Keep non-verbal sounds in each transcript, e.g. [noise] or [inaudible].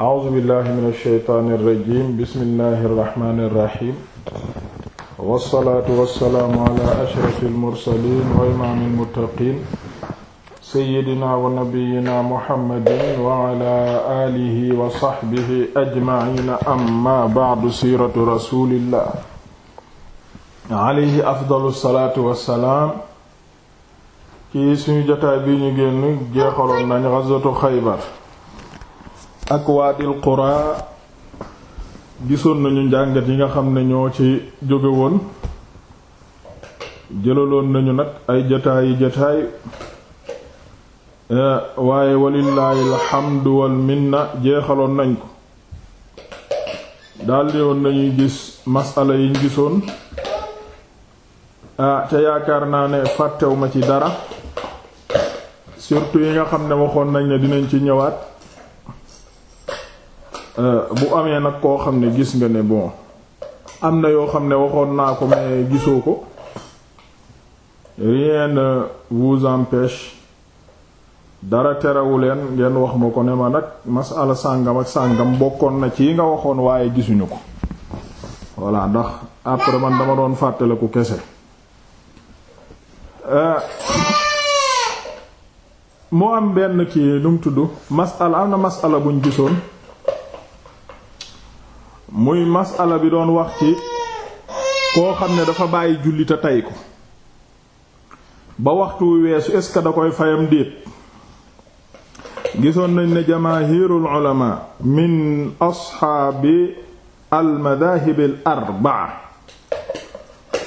a'uuzu billahi mina shaytaani rajiim bismillahi rahmaani rahiim wassalaatu wassalaamu ala ashrafil mursaliin wa imaamil muttaqiin sayyidina wa nabiyyina muhammadin wa ala aalihi wa sahbihi ajma'iina amma ba'du siiratu rasuulillah alayhi afdalu salaatu wassalaam ci suñu jotaay bi ñu génn jeexaloon nañu ghazwatu Xaybar ak waadil qura gisoon nañu njàngat yi nga xam ne ñoo ci jóge woon jëlaloon nañu nag ay jataayi jataay eh, waaye walillaahi alhamdu wal minna jeexaloon nañ ko daldi woon nañuy gis masala yiñ gisoon ah te yaakaar naa ne fàttewuma ci dara surtout yi nga xam ne waxoon nañ ne dinañ ci ñëwaat Euh, bu amee nag koo xam ne gis nga ne bon am na yoo xam ne waxoon naa ko mais gisoo ko rien ne vous empêche dara terewu leen ngeen wax ma ko ne ma nag masala sàngam ak sàngam bokkoon na ci nga waxoon waaye gisuñu ko voilà ndax après man dama doon ku kese euh, moo am benn kii nu mu tudd masala am na masala buñ gisoon muy masala bi doon wax ci koo xam ne dafa bàyyi julli te tay ko ba waxtu wu weesu est ce que da koy fayam déet gisoon nañ ne jamaahirul ulama min ashaabi al madahib arbaa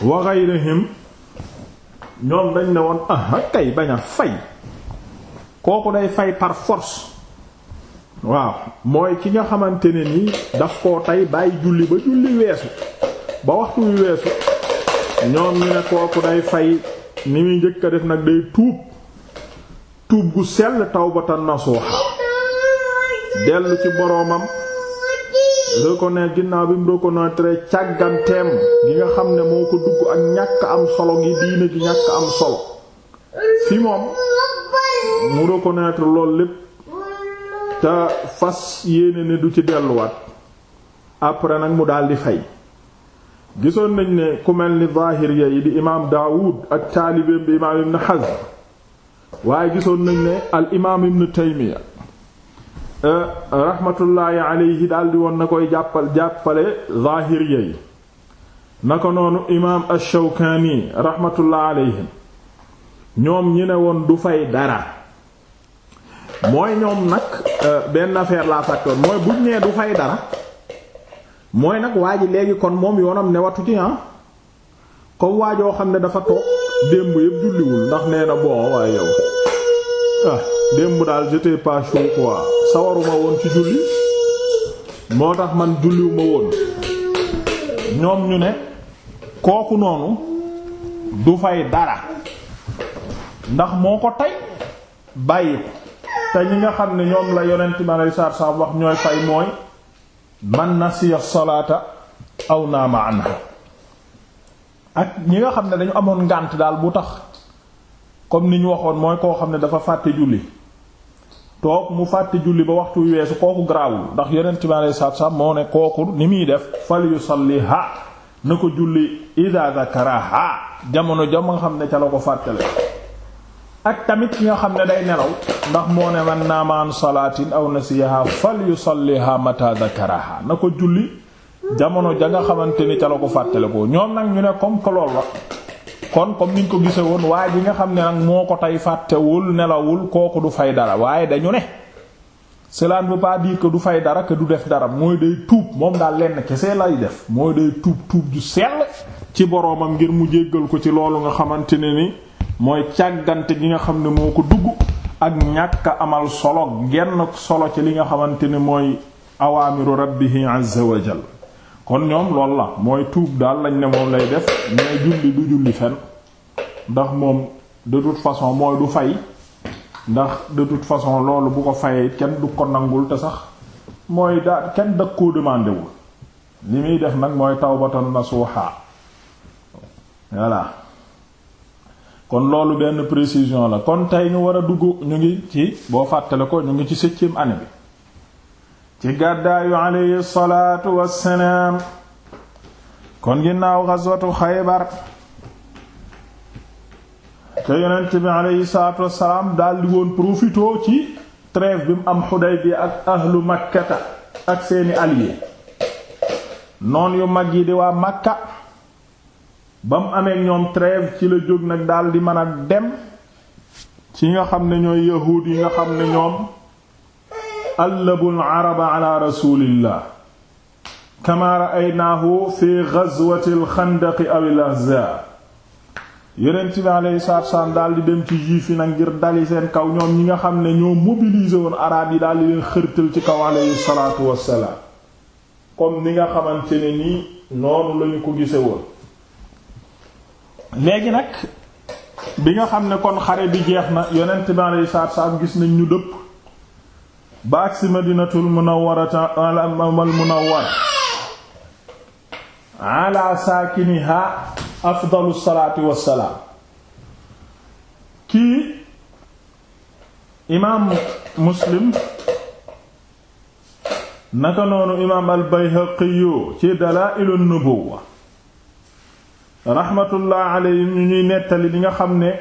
wa gayrihim ñoom dañ ne woon aha kay bañ fay kooku day fay par waaw mooy ki nga xamante ne nii daf koo tey bàyyi julli ba julli weesu ba waxtu wi weesu ñoom ñu ne kooku day fay ni muy njëkk a def nag day tuub tuub gu sell tawbatan nasuha dellu ci boroomam reconnaître ginnaaw bi mu reconnaître càgganteem gi nga xam ne moo ko dugg ak ñàkk am solo gi diine gi ñàkk am solo fi moom mu reconnaître lool lépp te fas yéene ne du ci delluwaat après nag mu daldi fay gisoon nañ ne ku mel ni Zahiriya yi di imaam Daawud ak taalibeem bi imaam Ibn Hazm waaye gisoon nañ ne al imaam Ibn Taymiya eh, rahmatullaahi alayhi daldi woon na koy jàppal jàppale Zahiriya yi na ko noonu imaam Ash-Shawkaani rahmatullaahi alayhi ñoom ñi ne woon du fay dara mooy ñoom nag euh, benn affaire laa fàttoon mooy buñ nee du fay dara mooy nag waa ji léegi kon moom yoonam newatu ci ko ah, waa waajoo xam ne dafa toog démb yëpp julliwul ndax nee na bon waaye yow ah, démb daal j'étais pas chaud quoi sawaruma woon ci julli moo tax man julliwuma woon ñoom ñu ne kooku noonu du fay dara ndax moo ko tey bàyyi ko te ñi nga xam ne ñoom la yonent mi aleyhi salaatu salaam wax ñooy fay mooy man na si salaata aw naama anha ak ñi nga xam ne dañu amoon ngànt daal bu tax comme ni ñu waxoon mooy koo xam ne dafa fàtte julli toog mu fàtte julli ba waxtu weesu kooku garaawul ndax yonent mi aleyhi salaatu salaam moo ne kooku ni muy def fal yusalliha na ko julli idha zakaraha jamono jam nga xam ne ca la ko fàttale ak tamit ki nga xam ne day nelaw ndax moo ne man naama an salaatin aw na nasiyaha fal yu yusalliha mata dhakaraha na ko julli jamono ja nga xamante ni ca la ko fàttale ko ñoom nag ñu ne comme que lool la kon comme niñ ko gise woon waaye ji nga xam ne nag moo ko tey fàttewul nelawul kooku du fay dara waaye dañu ne cela ne veut ko du fay dara que du def dara mooy day tuub moom daal lenn kese lay def mooy day tuub tuub ju sell ci boroomam ngir mu jéggal ko ci loolu nga xamante ne ni mooy càggante gi nga xam ne moo ko dugg ak ñàkk amal solo genn solo ci li nga xamante ne mooy awaamiru rabbihi azza wa jal kon ñoom lool la mooy tuub daal lañ ne moom lay def mais julli du julli fen ndax moom de façon mooy du fay ndax de façon loolu bu ko fayee kenn du ko nangul te sax mooy daa kenn da koo demandé wul li muy def nag mooy tawbatan nasuha voilà kon loolu benn précision la kon tey ñu war a dugg ñu ngi ci boo fàttale ko ñu ngi ci septième année bi ci gàddaayu aleyhi salaatu wassalaam kon ginnaaw ghazwatu xaybar te yonent bi aleyhi salaatu wassalaam daldi woon profitoo ci trêve bi mu am Xudaybiya ak ahlu makkata ak seeni alliés noon yu mag yi di waa makka ba mu amee ñoom trêve ci la jóg nag daldi mën a dem ci nga xam ne ñooy yahuud yi nga xam ne ñoom allabul araba ala rasulillah kama ra'aynaahu fi ghazwatil xandaq awil ahzab yonent bi alayhi salaatu salaam daldi dem ci juif yi nag ngir dali seen kaw ñoom ñi nga xam ne ñoo mobilisé woon araab yi daldi leen xërtal ci kaw alayhi salaatu wassalaam comme ni nga xamante ne nii noonu lañu ko gise woon léegi nag bi nga xam ne kon xare bi jeex na yonent bi alayhi salaatu gis nañ ñu dëpp ba agsi madinatul munawwarata al munawwar ala saakiniha afdalu salaati wassalaam kii imaam muslim naka noonu imaam al bayhaqiyu ci dalaa'ilu nubuwwa rahmatullah alayhim ñu ñuy nettali li nga xam ne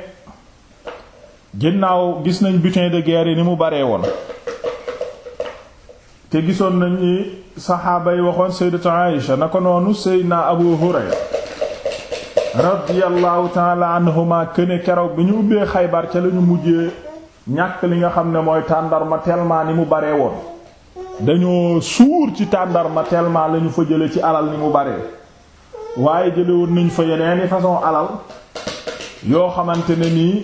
ginnaaw gis nañ butin de guerre yi ni mu baree woon te gisoon nañ ni saxaaba yi waxoon sayyidatu Aïsha na ko noonu sayyidina Abu Hurayra radiyallahu këne keroog bi ñu ubbee Xaybar ca lañu mujjee ñàkk li nga xam ne mooy tàndarma tellement ni mu baree woon dañoo suur ci tàndarma tellement lañu fa jële ci alal ni mu baree waaye jëlewoon nañ fa yeneeni façon alal yoo xamante ne nii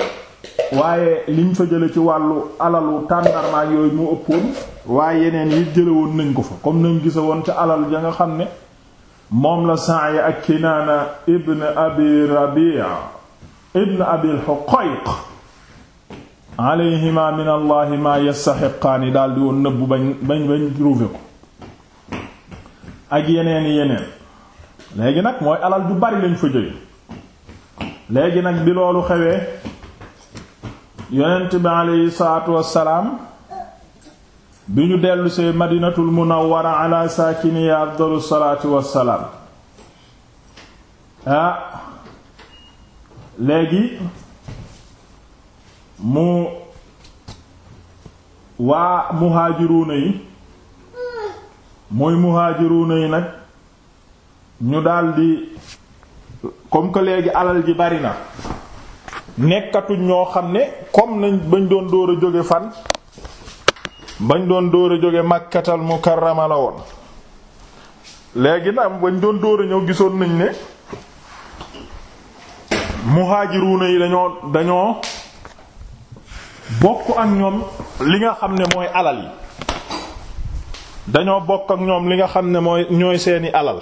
waaye liñ fa jële ci wàllu alalu tàndarmaak yooyu mu ëppoon waaye yeneen yi jëlewoon nañ ko fa comme nañ gisa woon ca alal ja nga xam ne moom la yi ak Kinaana ibn Abi Rabi' ibn Abi al-Huqayq alayhima min allahi ma yastahiqaani ak yeneen yeneen léegi nag mooy alal ju bari lañ fa jóge léegi nag bi loolu xewee yonent bi aleyhi salaatu wassalaam bi ñu dellusee madinatul munawwara ala saakiniya afdalu salaatu wassalaam ah léegi mu waa muhaajiruuna yi muy muhaajiruuna yi nag ñu daldi kom que léegi alal ji bari na nekkatuñ ñoo xam ne kom nañ bañ doon dóor a jóge fan bañ doon dóor a jóge mu Mukarrama la woon léegi nag bañ doon dóor a ñëw gisoon nañ ne muhaajiruuna yi dañoo dañoo bokk ak ñoom li nga xam ne mooy alal yi dañoo bokk ak ñoom li nga xam ne mooy ñooy seeni alal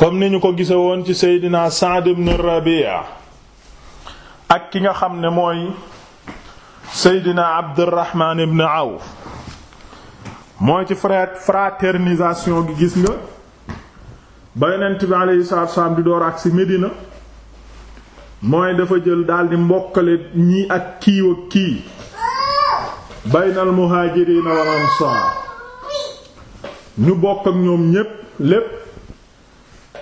comme ni ñu ko gise woon ci seydina Sa'd ibn Rabi'a ak ki nga xam ne mooy seydina Abdurrahman ibn Awf mooy ci fra fraternisation gi gis nga ba yonent bi alayhi salaatu ak si Medina mooy dafa jël daldi mbokkale ñi ak kiiw ak kii baynal muhaajiriina wal ansaar ñu bokk ak ñoom ñépp lépp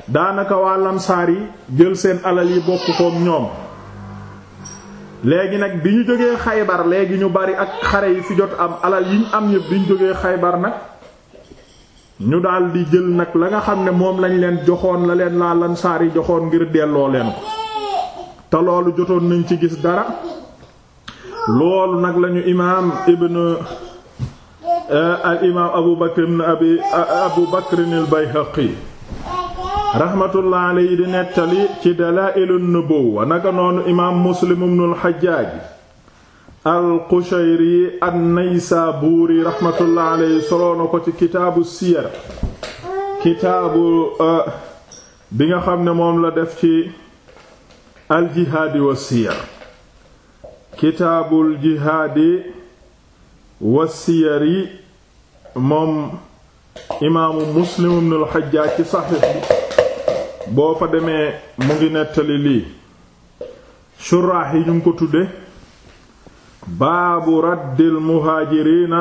daanaka waa lamsaar yi jël seen alal yi bokk kook ñoom léegi nag bi ñu jógee xaybar léegi ñu bari ak xare yi fi jot am alal yi am yëpp bi ñu jógee xaybar nag ñu daal di jël nag la nga xam ne moom lañ leen joxoon la leen laa lamsaar yi joxoon ngir delloo leen ko te loolu jotoon nañ ci gis dara loolu nag lañu imaam ibn euh, al imaam abu bakr ibn abi abu bakr rahmatullah alayhi di nettali ci dalaa'ilun nubuwwa naka noonu imaam muslim ibnul xajjaaj al-qushayri an-naysaabuuri rahmatullah alayhi soloo na ko ci kitaabu siyar kitaabu uh, bi nga xam ne moom la def ci aljihaadi wa siyar kitaabul jihaadi wa i moom imaamu muslim ibnul xajjaaj ci saxiix boo fa demee mu ngi nettali lii shuraax yi ñu ngi ko tudde baabu raddil muhaajiriina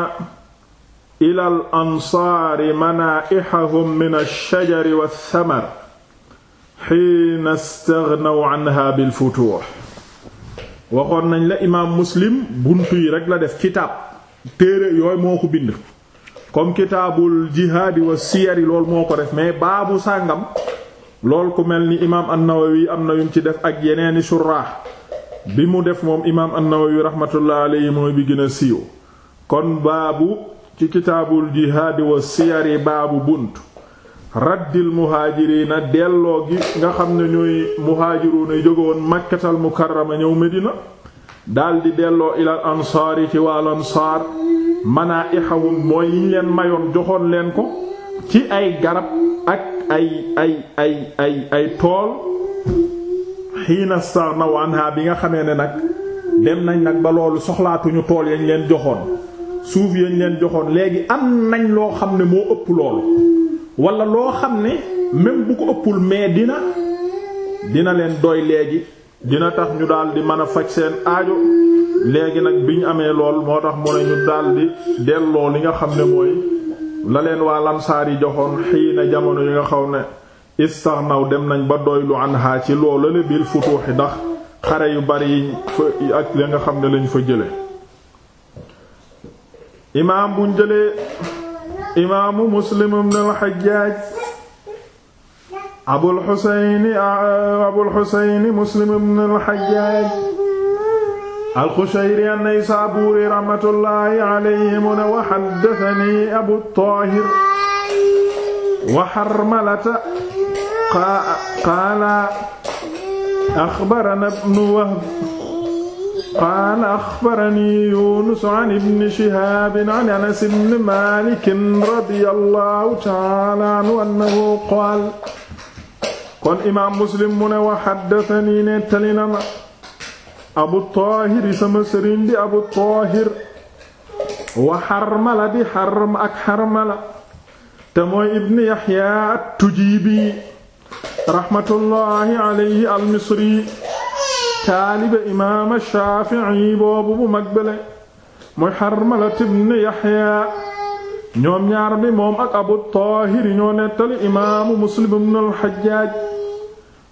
ilal ansaari manaa'ihahum min ash-shajari wath-thamar hiina istaghnaw anha bil futuuh waxoon nañ la imaam muslim bunt rekk la def kitaab téere yooyu moo ko bind comme kitaabul jihaadi wa siyari loolu moo ko def mais baabu sàngam lool ku mel ni imaam an-Nawawi am na yum ci def ak yeneeni surah bi mu def moom imaam an-Nawawi rahmatullah alayhi mooy bi gën a siiw kon baabu ci kitaabul jihaadi wa siyari baabu bunt raddil muhaajiriina delloo gi nga xam ne ñooy muhaajiruuna jógowoon makkatal mukarrama ñëw medina daldi delloo ilal ansaar yi ci wàll ansaar manaa ixawum mooy yiñ leen mayoon joxoon leen ko ci ay garab ak ay ay ay ay ay tool xiina sarnaw anha bi nga xamee ne nag dem nañ nag ba loolu soxlaatuñu tool yañ leen joxoon suuf yañ leen joxoon léegi am nañ loo xam ne moo ëpp loolu wala loo xam ne même bu ko ëppul mais dina dina leen doy léegi dina tax ñu daal di mën a faj seen aajo léegi nag bi amee lool moo tax mu ne ñu daal delloo li nga xam ne mooy la leen waa lamsaar yi joxoon xiina jamono yi nga xaw ne istaxnaw dem nañ ba doylu anha ci loolu la bil futuuxi ndax xare yu bari fa ak la nga xam ne lañ fa jële imaam buñ jëlee imaamu muslim ibn al-Hajjaj abul xuseyni muslim ibn al-Hajjaj alxushayri an-Naysaabuuri rahmatullahi alayhi mu ne wa haddathanii Abu Taahir wa Harmalata qaala axbaranaa ibnu Wahb qaala axbaranii Yuunus an ibni Shihaab an Anas ibni Maalik radiyallahu ta'aala anhu annahu qaala kon imaam Muslim mu ne wa haddathanii nettali na ma abu taahir sama sëriñ di abu taahir wa xarmala xarmala te mooy ibn yaxya at-tujibi raxmatullaahi alayhi al-misri taaliba imaam shaafi'i boobu bu mooy xarmala ibn yaxya ñoom ñaar moom ak abu taahir imaamu muslim ibn al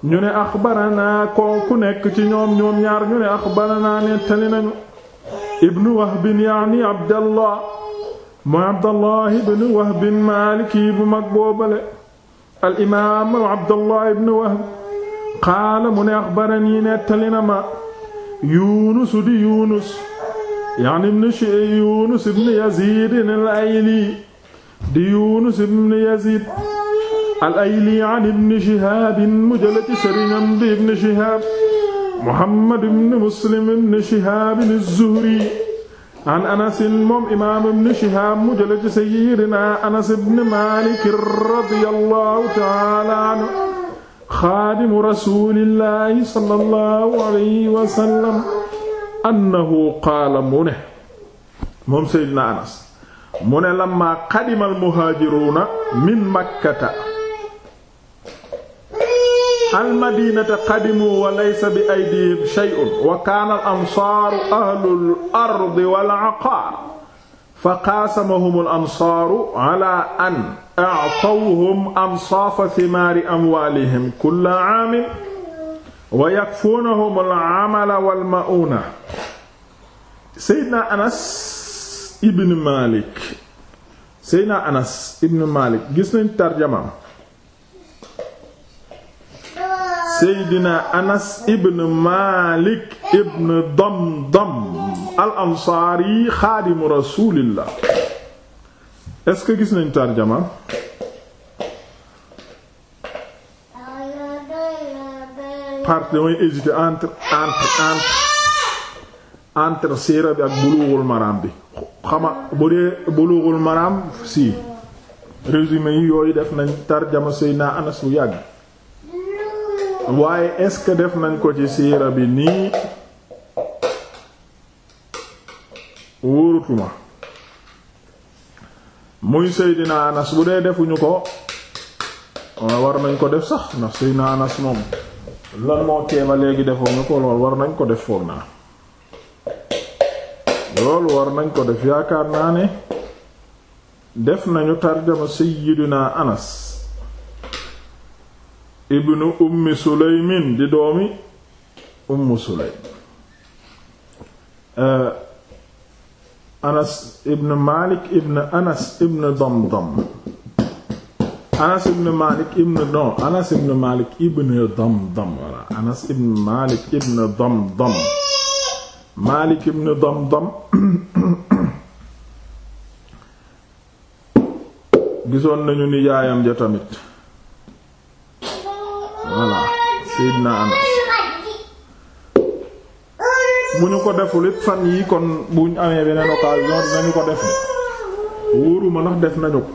ñu ne axbarana ku nekk ci ñoom ñoom ñaar ñu ne axbarana nettali nañu ibnu wahbin yaani abdallah mu abdallah ibnu wahbin maaliki bu mag boobale al imaam abdallah ibnu wahb qaala mu ne axbarani nettali na ma yuunusu di yuunus yaani ibnu yuunus ibnu yaziid al ayli di yuunus ibnu yaziid al-Ayli an ibn Shihab mu jële ci sëriñam di ibn Shihab Muhammad ibn Muslim ibn Shihab az-Zuhri an Anas moom imaam ibn Shihab mu jële ci sayyidina Anas ibn Malik radiyallahu ta'ala anhu xaadimu rasulillahi sallallahu alayhi wa sallam annahu qaala mu ne moom sayyidina Anas mu ne lamma qadima al-muhaajiruuna min Makkata almadinata qadimu wa laysa bi aydihim shay'un wa kaana al ansaaru ahlul ardi wal aqaar fa qaasamahum al ansaaru ala an a'tawhum ansaafa thimaari amwaalihim kulla 'aamin wa yakfuunahum al 'amala wal ma'uuna Seydina Anas ibn Maalik Seydina Anas ibn Maalik gis nañ tarjamaam seydina anas ibn malik ibn damdam al ansaari xaadimu rasulillah est-ce que gis nañ tarjama part damay hésiter entre entre entre entre siira bi ak bulughul maram bi xama bu dee bulughul maram si résumé yi yooyu def nañ tarjama seydina anas bu yàgg waaye est-ce que def nañ ko ci siira bi nii wóorutuma muy Seydina Anas bu dee defuñu ko war nañ ko def sax ndax Seydina Anas moom lan moo teeba léegi defuñu ko lool war nañ ko def foog naa loolu war nañ ko def yaakaar naa ne def nañu tarjama Seydina Anas ibnu ummi suleymin di doomi ummu suleym uh, anas ibn malik ibn anas ibn damdam anas ibn malik ibn dom anas wala anas ibn malik ibn damdam malik ibn damdam [coughs] gisoon nañu ni yaayam ja tamit voilà Seydina bu ñu ko deful it fan yi kon bu ñu amee beneen occasion dinañu ko def wóoruma ndax def nañu ko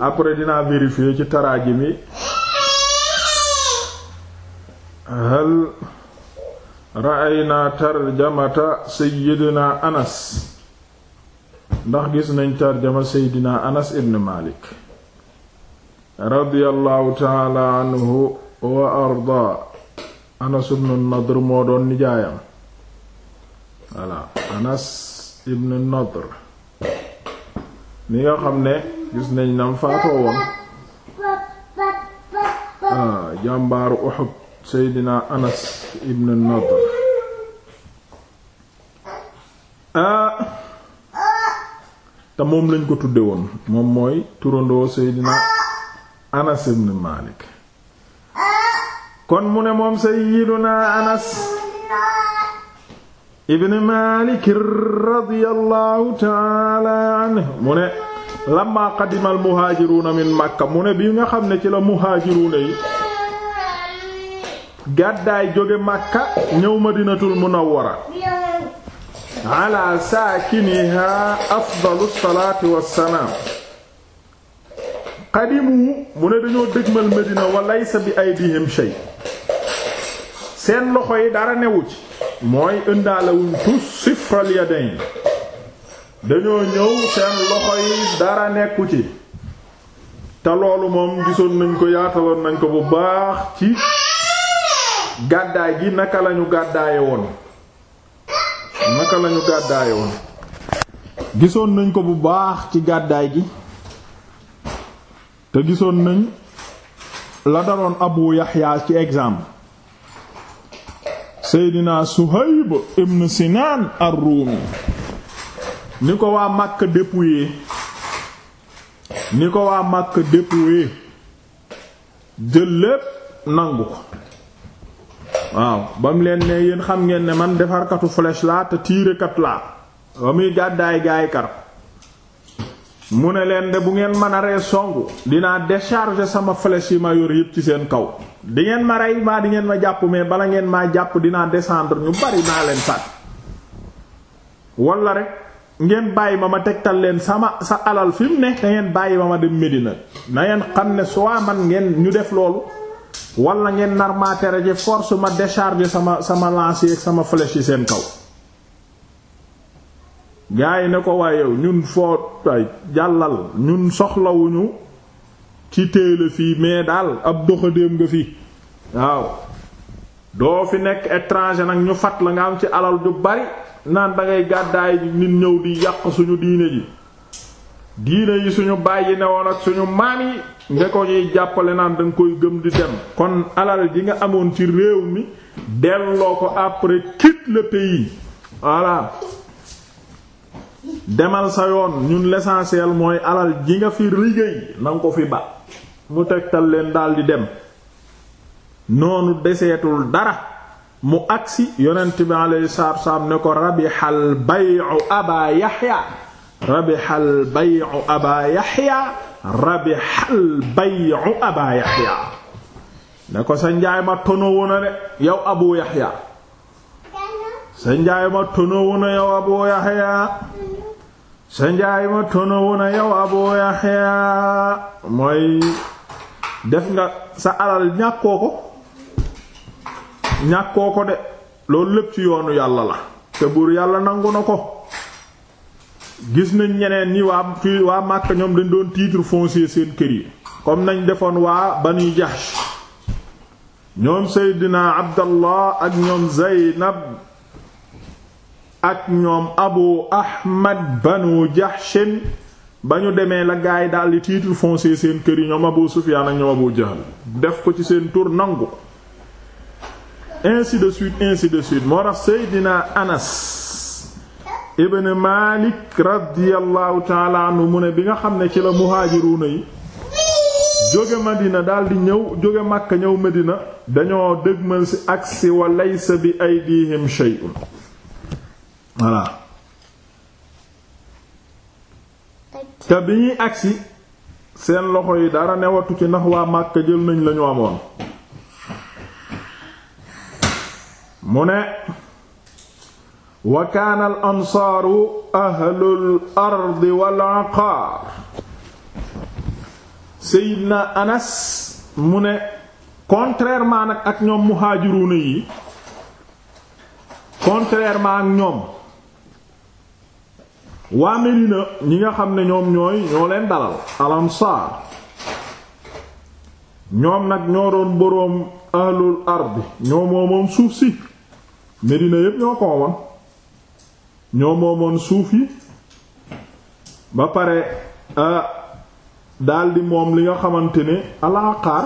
après dinaa vérifier ci taraajim yi hal ra'ayna tarjamata sayyidina anas ndax gis nañ tarjama sayyidina anas ibn malik radiyallahu ta'ala wa arda anas ibnu nadr moo doon nijaayam voilà anas ibnu nadr mi nga xam ne gis nañ nam faatoo woon ah jàmbaaru Uhud seydina anas ibnu nadr ah te moom lañ ko tuddee woon moom mooy turandoo seydina anas ibnu malik kon mu ne moom sayyiduna anas ibn malik radiyallahu taala anhu mu ne lamma qadima al muhaajiruuna min makka mu ne bi nga xam ne ci la muhaajiruuna yi gàddaay jóge makka ñëw madinatul munawwara ala saakiniha afdalu salaati wassalaam qadimu mu ne dañoo dëgmal Medina wa laysa bi aydihim shay seen loxo yi dara newu ci mooy indaalewuñ tus sifral yadayn dañoo ñëw seen loxo yi dara nekku ci te loolu moom gisoon nañ ko yaataloon nañ ko bu baax ci gàddaay gi naka lañu gàddaaye woon naka lañu gàddaaye woon gisoon nañ ko bu baax ci gàddaay gi te gisoon nañ la daroon abu yaxya ci exemple seydina suhayb ibn sinaan ar-ruumi ni ko waa Makka dépouillé ni ko waa Makka dépouillé jël lépp nangu ko waaw ba mu leen ne yéen xam ngeen ne man defarkatu flèche laa te tiirekat laa ba muy gàddaay gaay mu ne leen de bu ngeen mën a ree songu dinaa décharger sama flèche yi ma yor yépp ci seen kaw di ngeen ma rey maa di ngeen ma jàpp mais bala ngeen maa jàpp dinaa descendre ñu bari naa leen faat wala rek ngeen bàyyi ma ma tegtal leen sama sa alal fi mu ne da ngeen bàyyi ma ma dem Medina na ngeen xam ne soit man ngeen ñu def loolu walla ngeen nar maa tere ci force ma décharger sama sama lancer sama flèche yi seen kaw. gaa yi ne ko waaye ñun foo ay jàllal ñun soxlawuñu ci téele fii mais daal ab doxadéem nga fi waaw doo fi nekk étranger nag ñu fat la nga am ci alal ju bari naan dangay gàddaay nit ñëw di yàq suñu diine ji diine yi suñu bàyyi ne woon ak suñu maam yi nga ko ñuy jàppale naan danga koy gëm di dem kon alal ji nga amoon ci réew mi delloo ko après quitte le pays voilà demal sa yoon ñun l'essentiel mooy alal ji nga fi liggéey nanga ko fi ba mu tegtal leen daldi dem noonu deseetul dara mu agsi yonent bi alayhi salaatu ne ko rabihal bay'u aba yaxya rabihal bay'u aba yaxya ne ko sa njaay ma tono woon a ne yow abu yaxya sa njaay ma tonowu na yow sa njaay ma tonowu na yow mooy def nga sa alal ñàkkoo ko ñàkkoo ko de loolu lépp ci yoonu yàlla la te buur yàlla nangu na ko gis nañ ñeneen yi waa waa Màkka ñoom dañ doon titre foncier seen kër yi comme nañ defoon waa Bani Jahsh ñoom Seydina Abdallah ak ñoom Zeynab ak ñoom abu ahmad banu jahshin ba ñu demee la gaay daldi titre foncier seen kër yi ñoom abu sufyaan ak ñoom abu jahl def ko ci seen tur nangu ainsi de suite ainsi de suite moo tax seydina anas ibn malik radiyallahu taala mu ne bi nga xam ne ci la muhaajiruuna yi jóge madina daldi ñëw jóge màkka ñëw madina dañoo dëgmal si agsi wa laysa bi aydihim shay'un voilà te bi ñuy agsi seen loxo yi dara newatu ci ndax waa Màkka jël nañ lañu amoon mu ne wa kaana al ansaaru ahlul ardi wal aqaar Seydina Anas mu ne contrairement nag ak ñoom muhaajiruuna yi contrairement ak ñoom waa Medina ñi nga xam ne ñoom ñooy ñoo leen dalal alansaar ñoom nag ñoo doon boroom ahlul ardi ñoo moomoon suuf si Medina yépp ñoo ko woon ñoo moomoon suuf yi ba pare euh, daldi moom li nga xamante ne alaaqaar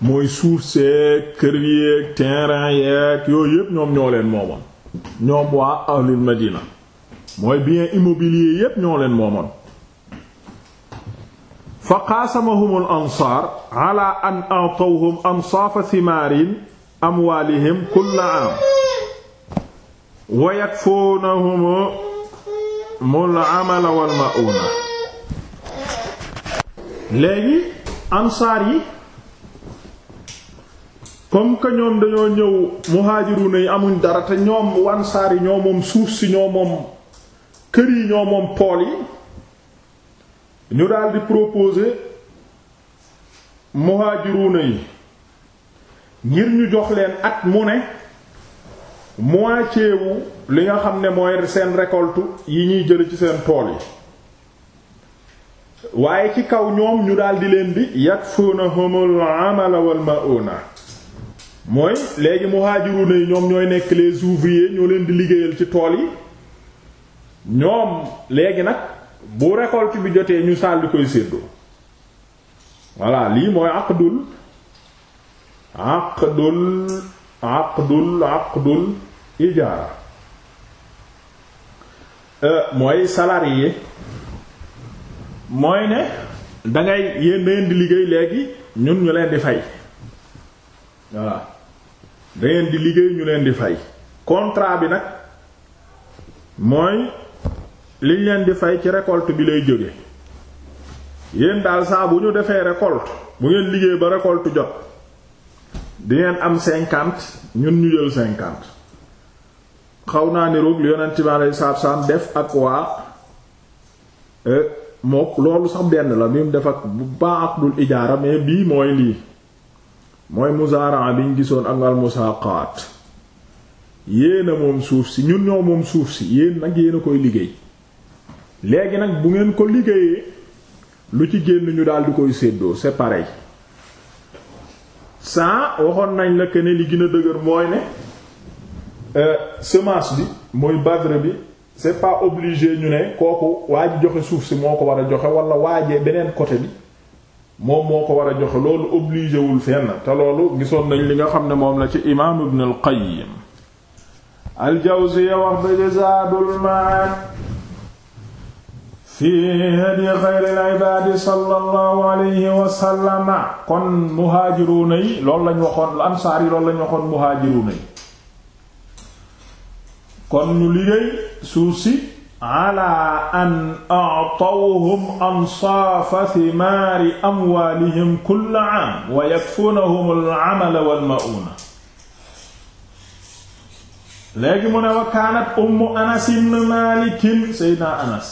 mooy suuf seeg kër yeeg terrain yeeg yooyu yépp ñoom ñoo leen moomoon ñoom waa ahlul madina mooy bien immobilier yépp ñoo leen moomoon fa qaasamahum al ansaar an atawhum ansaafa thimaarin amwaalihim kulla aam wa yakfuunahum mul amala wal ma'una léegi ansaar yi comme que ñoom dañoo ñëw muhajiruna yi amuñ dara te ñoom wansaar yi ñoo moom suuf si ñoo moom kër yi ñoo moom tool yi ñu daldi proposer muhajiruna yi ngir ñu jox leen at mu ne moitié li nga xam ne mooy seen récolte yi ñuy jël ci seen tool yi waaye ci kaw ñoom ñu daldi leen di yakfunahumul amala wal mauna mooy léegi muhajiruna yi ñoom ñooy nekk les ouvriers ñoo leen di liggéeyal ci tool yi ñoom léegi nag bu récolte bi jotee ñu saal sàlli koy séddoo voilà lii mooy aqdul aqdul aqdul aqdul ijaara euh, mooy salarié mooy ne dangay yéen da di liggéey léegi ñun ñu leen di fay voilà da ngeen di liggéey ñu leen di fay contrat bi nag mooy liñ leen di fay ci récolte bi lay jóge yéen daal saa bu ñu defee récolte bu ngeen liggéey ba récolte jot di ngeen am cinquante ñun ñu jël cinquante xaw naa ni roog li yonent bi alayhi salaatu salaam def ak waa eh, mook loolu sax benn la bi mu def ak bu baax dul ijaara mais bii mooy lii mooy muzaraa bi ñu gisoon ak al musaaqaat yéena moom suuf si ñun ñoo moom suuf si yéen nag yéen a koy liggéey léegi nag bu ngeen ko liggéeyee lu ci génn ñu daal di koy séddoo c'est pareil saa waxoon nañ la que ne li gën a dëgër mooy ne euh, semence bi mooy badre bi c'est pas obligé ñu ne kooku waa ji joxe suuf si moo ko war a joxe wala waajee beneen côté bi moom moo ko war a joxe loolu obligé wul fenn te loolu gisoon nañ li nga xam ne moom la ci imaam ibn al qayyim al jawziya wax ba zaadul ma'ad fii hadi xayril ibaadi sallallahu alayhi wa kon muhaajiruuna yi loolu lañ waxoon ansaar yi loolu lañ waxoon muhaajiruuna yi kon ñu liggéey suuf ala an a'tawhum ansaafa thimaari amwaalihim kulla aam wa yakfunahum al-amal wal ma'uuna léegi mu ne wa kaanat ummu anas ibn maalikin seydina anas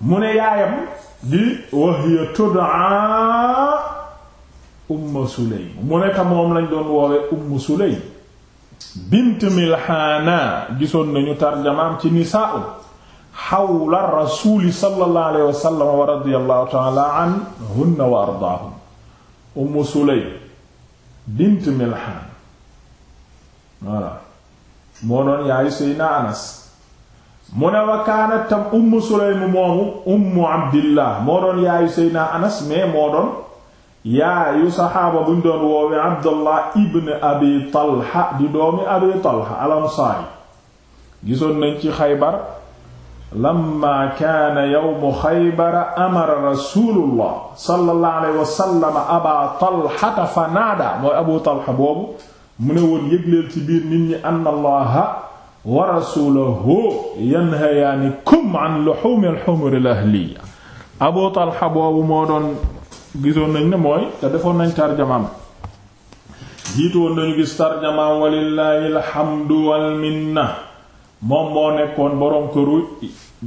mu ne yaayam di wa hiya tud'a ummu sulaym mu ne ta moom lañ doon woowe ummu sulaym bint milhaana gisoon nañu tarjamaam ci nisaa'u xawla rasuuli sallallahu alayhi wa sallam wa radiyallahu ta'ala anhunna wa ardaahum umm sulaym bint milhaan moo doon yaayu seydna anas mu ne wa tam umm sulaym moomu ummu abdillah moo doon yaayu seydna anas mais moo doon yaayu saxaaba buñ doon woowe abdullah ibn abi talha di doomi abi talha al gisoon nañ ci xaybar lamma kaana yow xaybara amara rasulullah sallallahu alayhi wa aba talxata fa naada mooy abu talxa boobu mu ne woon yëgleel ci biir nit ñi ann allaha wa rasulahu yanhayaanikum an luxuumi alxumuri lahliya abu talxa boobu moo doon gisoon nañ ne mooy te defoon nañ tarjamaam jiitoon nañu gis tarjamaam walillahi alhamdu wal moom moo nekkoon boroom këru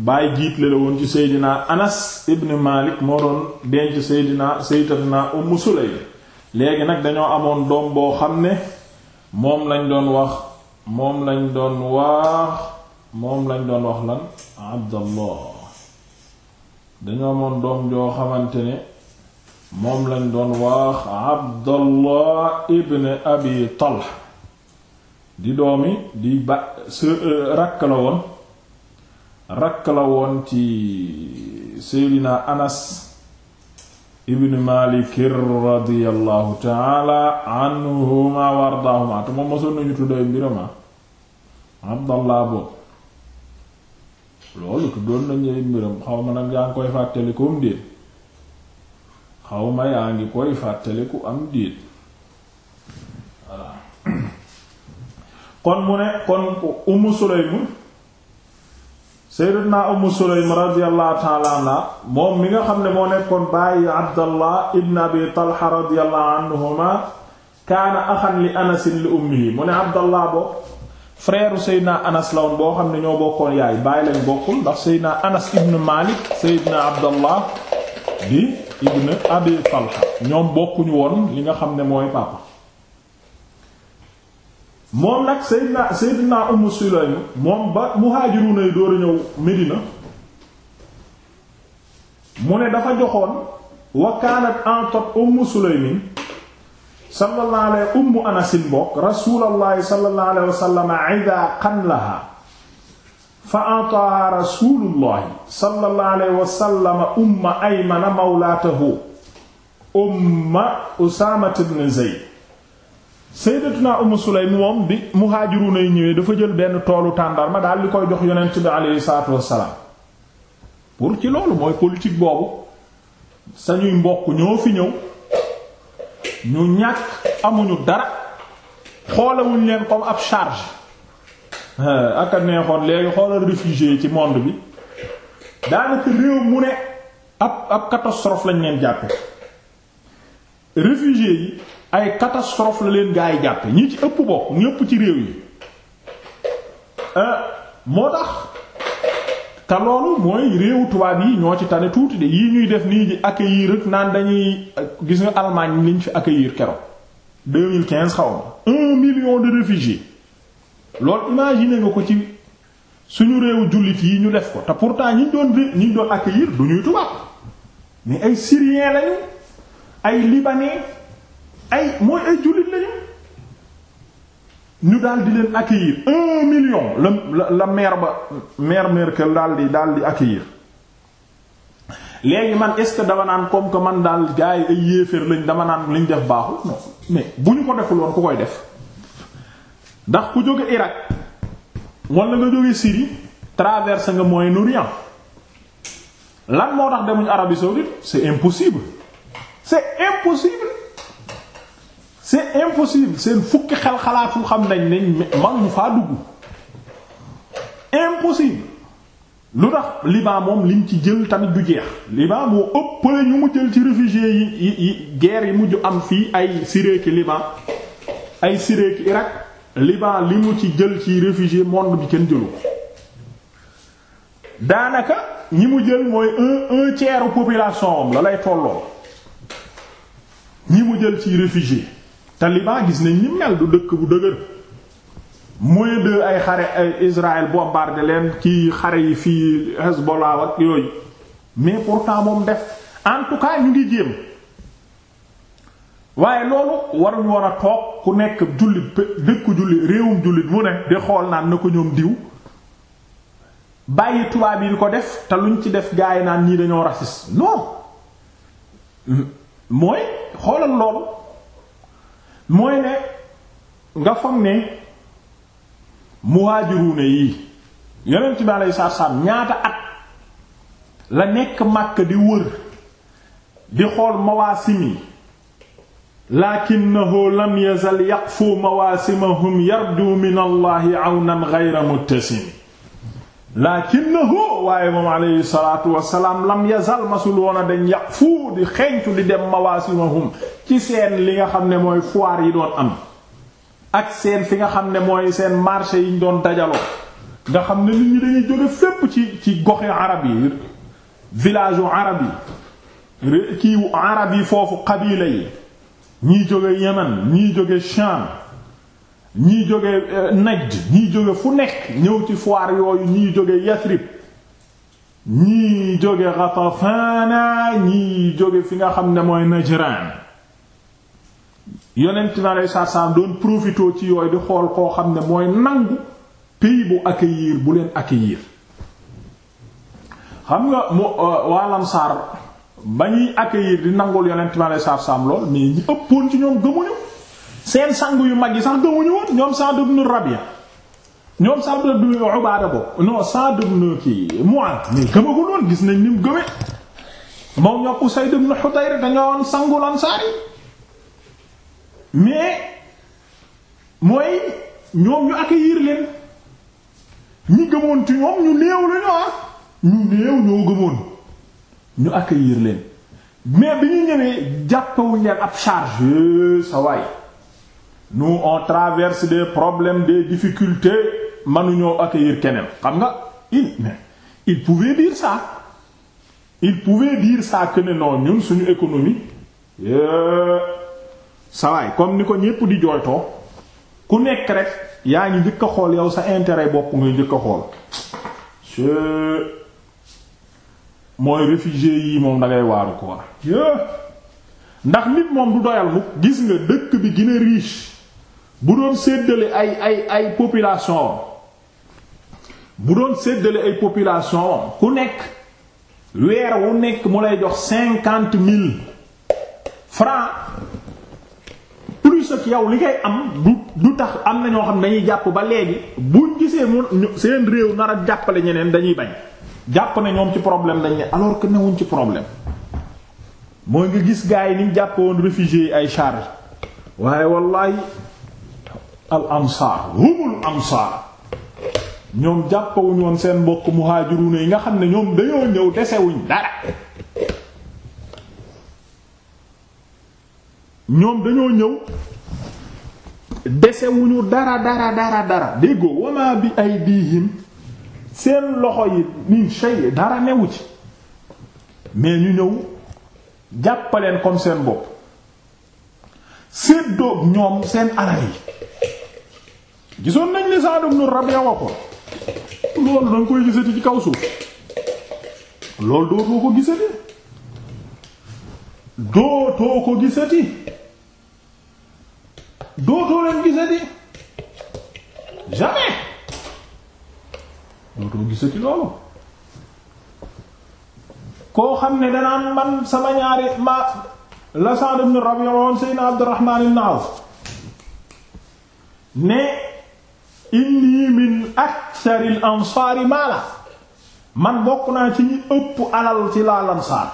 baay jiitle la woon ci seydinaa anas ibn malik moo doon denc seydinaa seytatinaa umm sulaym léegi nag dañoo amoon doom boo xam ne moom lañ doon wax moom lañ doon wax moom lañ doon wax lan abdallah dañoo amoon doom joo xamante ne moom lañ doon wax abdallah ibn abi talha di doomi di ba Euh, rakk la woon rakk la woon ci seydina anas ibn malikir radiallahu taala anhuma wa ardaahuma te moom mosoon nañu tuddee mbirama ah. abdallah boobu loolu tuddoon nañu ay mbiram xaw ma nag yaa ngi koy fàttaliku am déet xaw yaa ngi koy fàttaliku am déet kon mu ne kon Umm Sulaym Sayyidatuna Umm moom mi nga xam ne moo nekkoon bàyyi Abdallah ibn Abi Talha radiyallahu anhuma kaana axan li Anas li ummihi mu ne Abdallah bo frère Seydina Anas la woon boo xam ne ñoo bokkoon yaay bàyyi lañ bokkul ndax Seydina Anas ibn Malik Seydina Abdallah di ibn Abi Talha ñoom bokkuñu woon li nga xam ne mooy papa moom nag Seydina Seydina Umm Sulaym moom ba mu yi door a ñëw Medina mu ne dafa joxoon wa kaanat antat Umm Sulaymin sallallahu alayhi ummu anasin bokk rasulallahi sallallahu alayhi wa sallam ida qanlaha fa ataaha rasulullahi aymana mawlaatahu umma Usaamata ibn Zayd sayyidatuna Umm Sulaym moom bi mu muhaajiruuna yi ñëwee dafa jël benn toolu tàndarma daal di koy jox yonent bi aleyhi salaatu wassalaam pour ci loolu mooy politique boobu sañuy mbokk ñoo fi ñëw ñu ñàkk amuñu dara xoolawuñ leen comme ab charge ak a neexoon léegi xoolal réfugié yi ci monde bi daanaka réew mu ne ab ab catastrophe lañ leen jàppe réfugié yi ay catastrophe la leen gaa yi jàppe ñi ci ëpp bokk ñëpp ci réew yi eh, moo tax te loolu mooy réewu tubaab yi ñoo ci tane tuuti de yii ñuy def nii di accueillir rek naan dañuy gis nga Allemagne liñ fi accueillir kero deux mille quinze xaw ma un million de réfugiés yi imaginer nga ko ci suñu réewu jullit yi ñu def ko te pourtant ñi doon ñi doon accueillir du ñuy tubaab mais ay Syriens lañu ay Libanais. ay mooy ay jullit lañu ñu daal di leen accueillir million la la ba meer Merkel daal di daal di accueillir léegi man est-ce dama naan comme que man daal gars yi ay yéeféer lañ dama naan liñ def baaxul non mais bu ñu ko defuloon ku koy def ndax ku jóge Irak wala nga jóge Syrie traverse nga Moyen-Orient lan moo tax demuñu Arabie saoudite c'est impossible c'est impossible c'est impossible seen fukki xel xalaatul xam nañ ne man mu faa dugg impossible lu tax Liban moom liñ ci jël tamit du jeex Liban moo ëppale ñu mu jël ci réfugiés yi yi yi mujj am fii ay Syrie ki Liban ay Syrie ki Irak Liban li mu ci jël ci réfugié monde bi kenn jëlu daanaka ñi mu jël mooy un un tiers population am la lay tolloo ñi mu jël ci réfugié Taliban gis nañ ni mel du dëkk bu dëgër mooy de ay xare ay Israël bombardé leen ci xare yi fii Hezbollah ak yooyu mais pourtant moom def en ñu ngi jéem waaye loolu waruñ war a toog ku nekk jullit dëkku jullit réewum jullit mu ne di xool naan na ko ñoom diw bàyyi tubaab yi di ko def te luñ ci def gaay naan ñii dañoo raciste non mooy xoolal loolu. mooy ne nga foog ne muhaajiruuna yii yonent bi alayhi salaatu salaam ñaata at la nekk Makka di wër di xool mawaasim yi lakinnahu lam yazal yaqfu mawaasimahum yarju min allahi awnan ghayra muttasim lakinnahu waaye moom alayhi salaatu wasalaam lam yazal masul woon a di xeeñtu di dem mawaasimahum ci seen li nga xam ne mooy foire yi doon am ak seen fi nga xam ne mooy seen marché yi ñu doon dajaloo nga xam ne nit ñi dañuy jóge fépp ci ci goxi arab yi village u arab yi kiiwu arab yi foofu qabila yi ñii jóge Yemen ñii jóge Sham ñii jóge euh, Najd ñii jóge fu nekk ñëw ci foire yooyu ñii jóge Yathrib ñii jóge Ghatafana ñii jóge fi nga xam ne mooy Najran yonent mi aleyhi salaatu salaam doon profitoo ci yooyu di xool koo xam ne mooy nangu pays bu accueillir bu leen accueillir xam nga mu euh, waa Ansaar ba ñuy accueillir di nangul yonent mi aleyhi salaatu salaam lool mais ñi ëppoon ci ñoom gëmuñu seen sang yu mag yi sax gëmuñu woon ñoom Sa'd ibn Rabi'a ñoom Sa'd ibn Ubaada boobu non Sa'd ibn kii Mu'aaz mais gëmagul gis nañ ni mu gëmee moom ñoo Usayd ibn Hudayr dañoo woon sangul Ansaar yi mais mooy ñoom ñu accueillir leen ñi gëmoon ci ñoom ñu néew la ah ñu néew ñoo gëmoon ñu accueillir leen mais bi ñu ñëwee jàppewuñ leen ak charge eh, sa waay nous on traverse des problèmes des difficultés mënuñoo accueillir keneen xam nga il il pouvait dire ça il pouvait dire ça que ne non ñun suñu économie. Eh, sawaay comme ni ko ñépp di jooytoo ku nekk rek yaa ngi njëkk a xool yow sa intérêt bopp ngay njëkk xool ci mooy réfugié yi moom dangay waaru ko war ndax nit moom du doyal mu gis nga dëkk bi gën a riche bu doon séddale ay ay ay population bu doon séddale ay population ku nekk weer wu nekk mu lay jox cinquante mille francs juste yow li ngay am du du tax am na ñoo xam ne dañuy jàpp ba léegi buñ gisee mu seen réew nara a jàppale ñeneen dañuy bañ jàpp ne ñoom ci problème dañ ne alors que newuñ ci problème mooy nga gis gars yi niñ jàpp woon réfugiés ay charge waaye wallahi al ansaar humul ansaar ñoom jàppawuñ woon seen mbokk muhaajiruun yi nga xam ne ñoom dañoo ñëw desewuñ dara ñoom dañoo ñëw desewuñu dara dara dara dara déggoo wama bi ay aydihim seen loxo yi min shay dara newu ci mais ñu ñëw jàppaleen kon seen bopp séddoog ñoom seen alal yi gisoon nañ li Sa'd ibn Rabi'a waxoon loolu danga koy gisati ci kaw suuf lool dootoo ko gisati dootoo ko gisati dootoo leen gisati jamais dootoo gisati loolu koo xam ne danaan man sama ñaari ma la Sa'd ibn Rabi'a woon Seydina Abdurrahman ibn Awf ne inni min akthari al ansaari maala man bokk naa ci ñi ëpp alal ci laa lansaar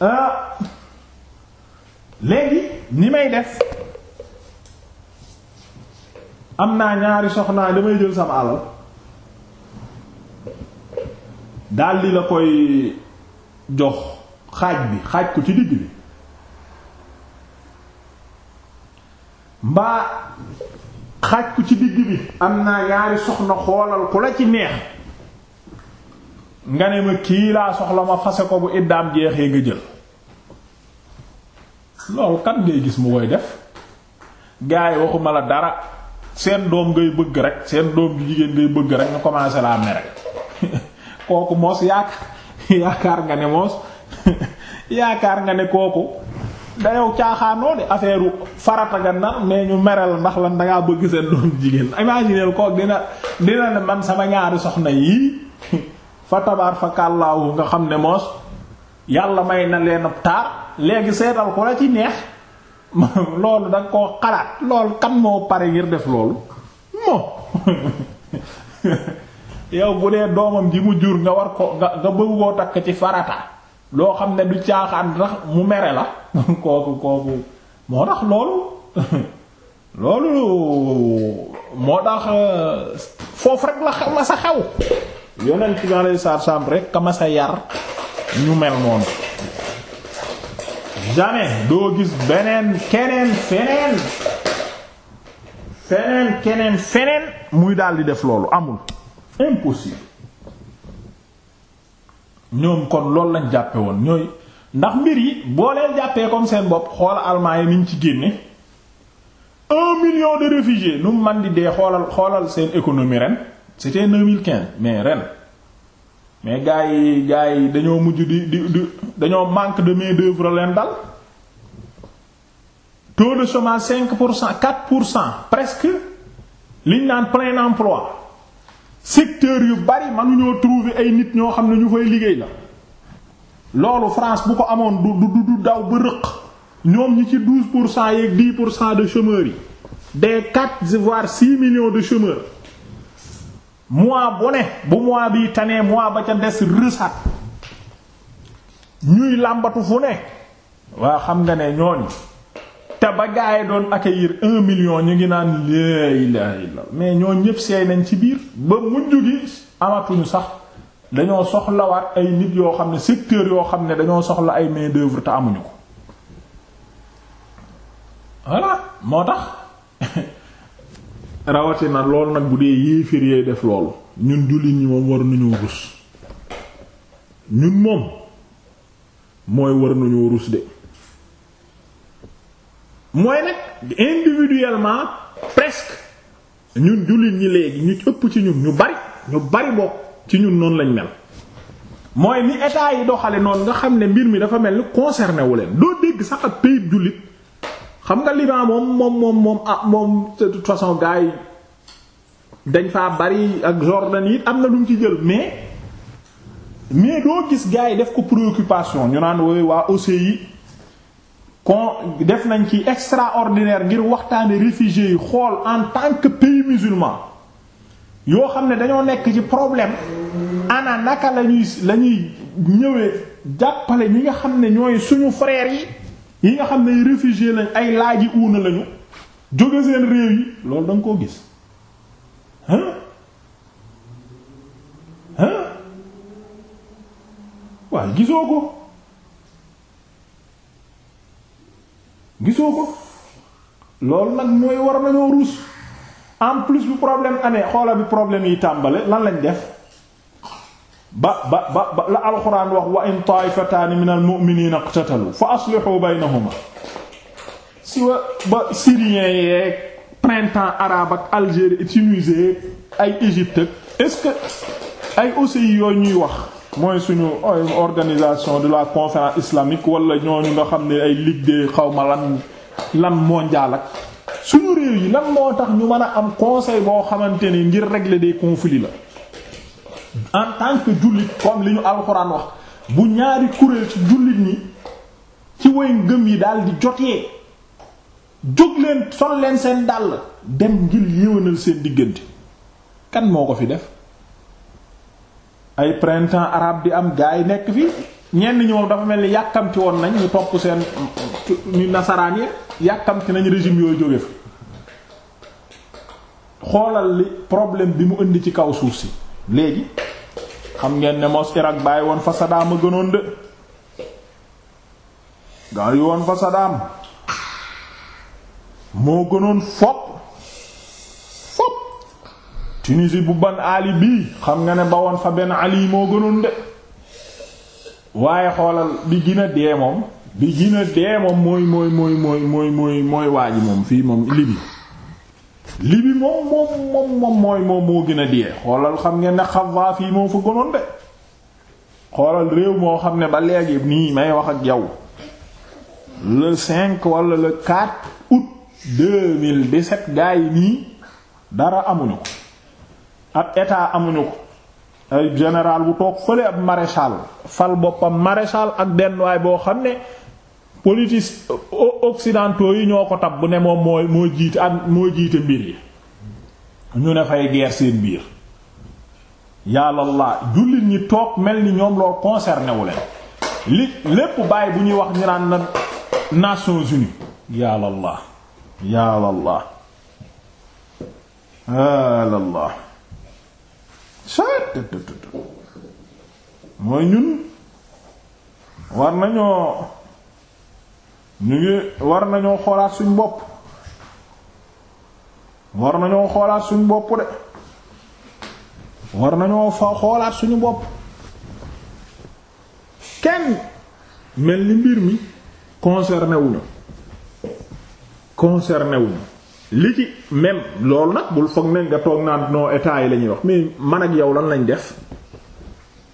ah léegi ni may def am naa ñaari soxnaa damay jël sama alal daldi la koy jox xaaj bi xaaj ko ci digg bi mbaa xaaj ko ci digg bi am naa ñaari soxna xoolal ku la ci neex nga ne ma kii laa soxla ma fase ko bu iddaam jeexee nga jël loolu kan ngay gis mu koy def gars yi waxuma la dara seen doom ngay bëgg rek seen doom ju jigéen ngay bëgg rek nga commencé laa mere [laughs] kooku moos yaakaar yaakaar nga ne moos [laughs] yaakaar nga ne kooku dayow caaxaanoo de affaire farata nga nar mais ñu merel ndax lan dangaa bëgg seen doom jigéen imagineel kooku dina dina ne man sama ñaari soxna yii [laughs] fa tabaar fa kàllaawu nga xam ne moos yàlla may na leen ab taar léegi seetal ko la ci neex [laughs] loolu da ko koo xalaat loolu kan moo pare ngir def loolu moo [laughs] yow bu dee doomam ji mu jur nga war ko nga nga bëgg koo takk ci farata loo xam ne du caaxaan ndax mu mere la [laughs] kooku kooku moo tax loolu loolu moo tax euh, foofu rek la xew la sa xew yonent bi alayhi salaam rek ka ma sa yar ñu mel noonu jamais doo gis beneen keneen feneen feneen keneen feneen muy daldi def loolu amul impossible ñoom kon loolu lañ jàppe woon ñooy ndax mbir yi boo leen jàppee comme seen bopp xoola almaa yi niñ ci génne un million de réfugiés nu man di dee xoolal xoolal seen économie ren c'était 2015 mais ren mais gars yi gars yi dañoo mujj di di di dañoo manque de main d'œuvre leen dal taux de chômage cinq pour cent quatre pour cent presque liñ naan plein emploi secteur yu bari mënuñoo trouver ay nit ñoo xam ne ñu fay liggéey la loolu France bu ko amoon du du du daw ba rëq ñoom ñi ci douze pour cent yeeg dix pour cent de chômeurs yi des quatre voire six millions de chômeurs mois bu ne bu mois bi tanee mois ba ca des rësat ñuy làmbatu fu ne waa xam nga ne ñooñu te ba gaa yi doon accueillir un million ñu ngi naan laa ilaha illa mais ñoo ñëpp seey nañ ci biir ba mujj gi amatuñu sax dañoo soxlawaat ay nit yoo xam ne secteur yoo xam ne dañoo soxla ay main d'œuvre te amuñu ko voilà moo tax rawatina loolu nag bu dee yéeféer yee def loolu ñun jullit ñi moom war nañoo rus ñun moom mooy war nañoo rus de mooy nag individuellement presque ñun jullit ñi léegi ñu ëpp ci ñun ñu bari ñu bari bokk ci ñun noonu lañ mel mooy ni état yi doxale noonu nga xam ne mbir mi dafa mel ni concerné wu leen doo dégg sax ab pays jullit xam nga Liban moom moom moom moom ah moom de toute façon gars yi dañ fa bari ak Jordan yi am na lu ci jël mais mais doo gis gars yi def ko préoccupation ñu naan wooyu waa OCI yi kon def nañ ci extraordinaire ngir waxtaane réfugiés yi xool en tant que pays musulman yoo xam ne dañoo nekk ci problème ana naka lañuy la ñëwee jàppale ñi nga xam ne ñooy suñu frères yi yi nga xam ne réfugié lañ ay laaji uuna lañu jóge seen réew yi loolu da koo gis hein hein waaye gisoo ko gisoo ko loolu nag mooy war nañoo rus en plus bu problème amee xoola bi problème yi tàmbale lan lañ def ba ba ba la alxuraan wax wa in taayifataani minal mu'miniina iqtatalu fa aslihu baynahuma si wa ba syrien yeeg printemps arabe ak Algérie Tunisie ay Égypte est-ce que ay aussi yooyu ñuy wax mooy suñu organisation de la conférence islamique wala ñooñu nga xam ne ay ligue xaw ma lan lan mondial ak suñu réew yi lan moo tax ñu mën a am conseil boo xamante ne ngir régler des conflits la en tant que jullit comme li ñu alxuraan wax bu ñaari kuréel ci jullit ñi ci way ngëm yi daal di jotee jóg leen sol leen seen dàll dem ngir yéwénal seen diggante kan moo ko fi def ay printemps arabe di am gaa yi nekk fi ñenn ñi moom dafa mel ni yàkkamti woon nañ ñu topp seen ni nasaraan yi yàkkamti nañ régime yooyu jóge fi xoolal li problème bi mu indi ci kaw suuf si léegi xam ngeen ne mos Irak bàyyi woon fa Saddam a gënoon de bàyyi woon fa Saddam moo gënoon fopp fopp Tunisie bu ban Ali bii xam nga ne ba woon fa benn Ali moo gënoon de waaye xoolal bi gën a dee moom bi gin a dee moom mooy mooy mooy mooy mooy mooy mooy waa ji moom fii moom Libye li bi moom moom moom moom mooy moom moo gën a diyee xoolal xam ngeen ne Xawaaf yi moo fa gonoon de xoolal réew moo xam ne ba léegi nii may wax ak yow le 5 wala le 4 août 2017 gaa yi nii dara amuñu ko ab état amuñu ko ay général bu toog fële ab maréchal fal boppam maréchal ak benn waay boo xam ne politique occidentaux yi ñoo ko tab ne moom mooy moo jiite ak moo jiite mbir yi ñu ne fay guerre seen biir yàlla jullit ñi toog mel ni ñoom loo concerné wu leen li lépp bàyyi bu ñuy wax ñu naan na Nations Unies yàlla la mooy ñun war nañoo ñu ngi war nañoo xoolaat suñu bopp war nañoo xoolaat suñ bopp de war nañoo fa xoolaat suñu bopp kenn mel ni mbir mi concerné wu la concerné wu li ci même loolu nag bul foog ne nga toog naan non état yi lañuy wax mais man ak yow lan lañu def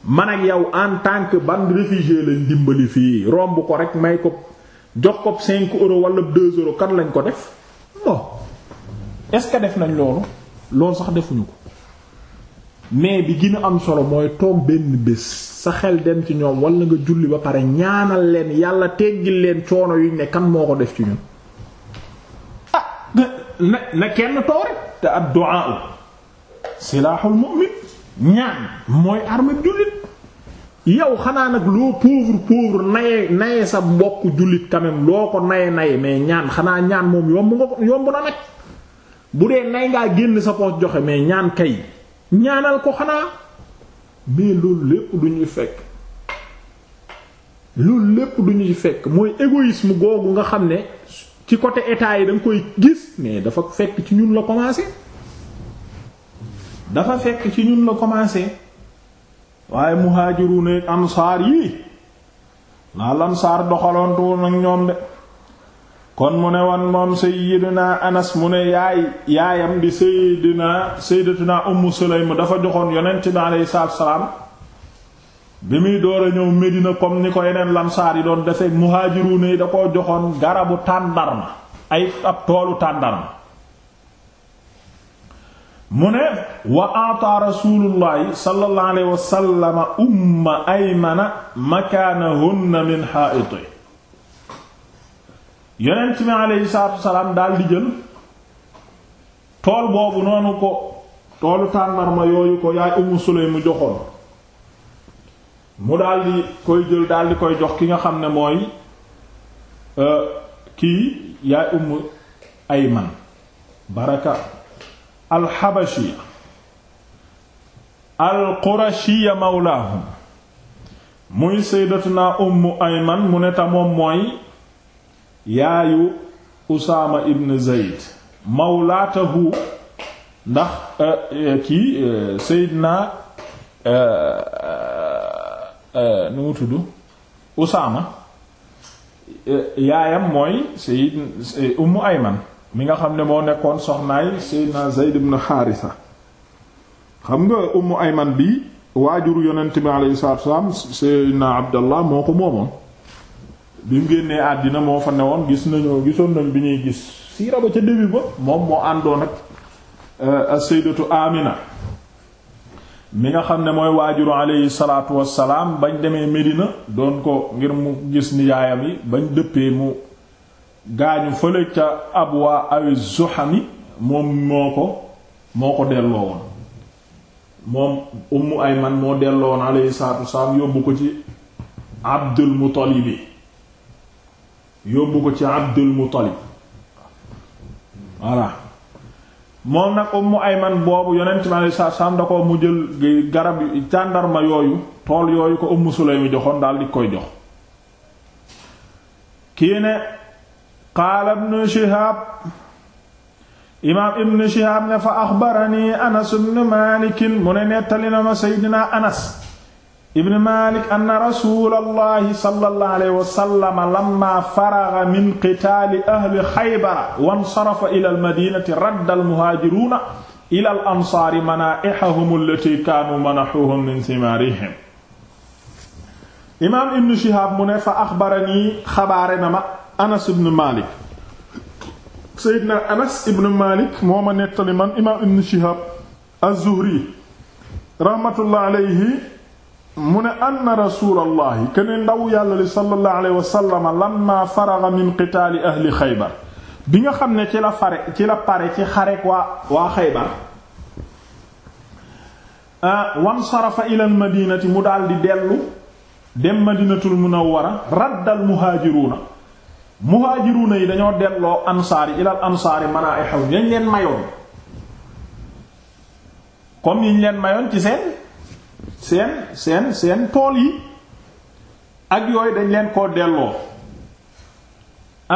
man ak yow en tant que ban réfugié lañ dimbali fii romb ko rek may ko. jox ko 5 euros wala 2 euros kan lañ ko def non est-ce que def nañ loolu loolu sax defuñu ko mais bi gën am solo mooy toog benn bés sa xel dem ci ñoom wala nga julli ba pare ñaanal leen yàlla teggil leen coono yuñ ne kan moo ko def ci ñun. ah na na kenn toog rek te ad-du'a silahul mu'min ñaan mooy arme jullit. yow xanaa nag loo pauvre pauvre naye naye sa mbokk jullit quand loo ko naye naye mais ñaan xanaa ñaan moom yomb nga ko yomb na nag bu dee nay ngaa génn sa poche joxe mais ñaan kay ñaanal ko xanaa mais loolu lépp duñuy ñuy fekk loolu lépp duñuy fekk mooy égoïsme googu nga xam ne ci côté état yi da koy gis mais dafa fekk ci ñun la commencé dafa fekk ci ñun la commencé waaye muhaajiruun ak ansaar yii naa lansaar doxaloontuwul nag ñoom de kon mu ne woon moom sayyidina anas mu ne yaay yaayam di sayyidina sayyidatuna ummu sulaym dafa joxoon yonent bi aleyhi salaatu salaam bi muy door a ñëw Medina comme ni ko yeneen lansaar yi doon defee muhaajiruun yi da koo joxoon garabu tàndarma ay ab toolu tàndarma mu ne wa ata rasulullahi sallallahu alayhi wa sallam umma aymana makaanahunna min haa'iti yonent mi alayhi salaatu wasalaam daal jël tool boobu noonu ko toolu tàndarma yooyu ko yaay Ummu Sulaym mu joxoon mu daldi di koy jël daal di koy jox ki nga xam ne mooy euh, kii yaay Ummu Ayman baraka alxabashiya alqurashiya mawlaahum muy sayyidatuna ummu ayman mu ne ta mooy yaayu usaama ibn zayd mawlaatahu ndax eh, eh, kii eh, sayyidna nu mu tudd usaama yaayam mooy sayyid ummu ayman mi nga xam ne moo nekkoon soxnaay Seydina Zayd ibn Haarisa xam nga Ummu Ayman bi waajuru yonent bi waajur salaatu wasalaam Seydina Abdallah moo ko moomoon bi mu génnee àddina moo fa newoon gis nañu gisoon nañ bi ñuy gis siira ba ca début ba moom moo àndoon ak euh, Sayyidatu Amina mi nga xam ne mooy waajuru alayhi salaatu wasalaam bañ demee Medina doon ko ngir mu gis ni yaayam yi bañ dëppee mu gaa ñu fële ca abwa awi zuhami moom moo ko moo ko delloo woon moom ummu man moo delloo woon alayhi salaatu yóbbu ko ci abdul muttalibi yóbbu ko ci abdul muttalib voilà moom nag ummu man boobu yonent mi alayhi salaatu da ko mu jël garab tàndarma yooyu tool yooyu ko ummu sulaym joxoon daal di koy jox kii ne qaala ibn Shihaab imaam ibn Shihaab ne fa axbarani Anas ibn Maalik mu ne nettali na ma seydina Anas ibn Maalik anna rasuulallahi sallallahu alayhi wa sallam lamma faraga min qitaali ahli Xaybar wa nsarafa ilal madiinati radda al-muhaajiruuna ilal ansaari manaa'ihahum allatii kaanuu manahuuhum min thimaarihim imaam ibn Shihaab mu ne fa axbarani xabaare na ma Anas ibn Malik Seydina Anas ibn Malik moo ma nettali man imaam ibn Shihab az-Zuhri rahmatullah mu ne anna rasulallahi kenn ndaw yàlla li sallallahu alayhi wa sallam min qitaali ahli xaybar bi nga xam ne ci la fare ci la pare ci xarek waa waa xaybar ah, wansarafa ila al madinati mu daal di dellu dem madinatul munawwara raddal muhaajiruuna muhaajiruuna yi dañoo delloo ansaar yi ilal ansaar yi mën a ay xew yañ leen mayoon comme yiñ leen mayoon ci seen seen seen seen tool yi ak yooyu dañ leen koo delloo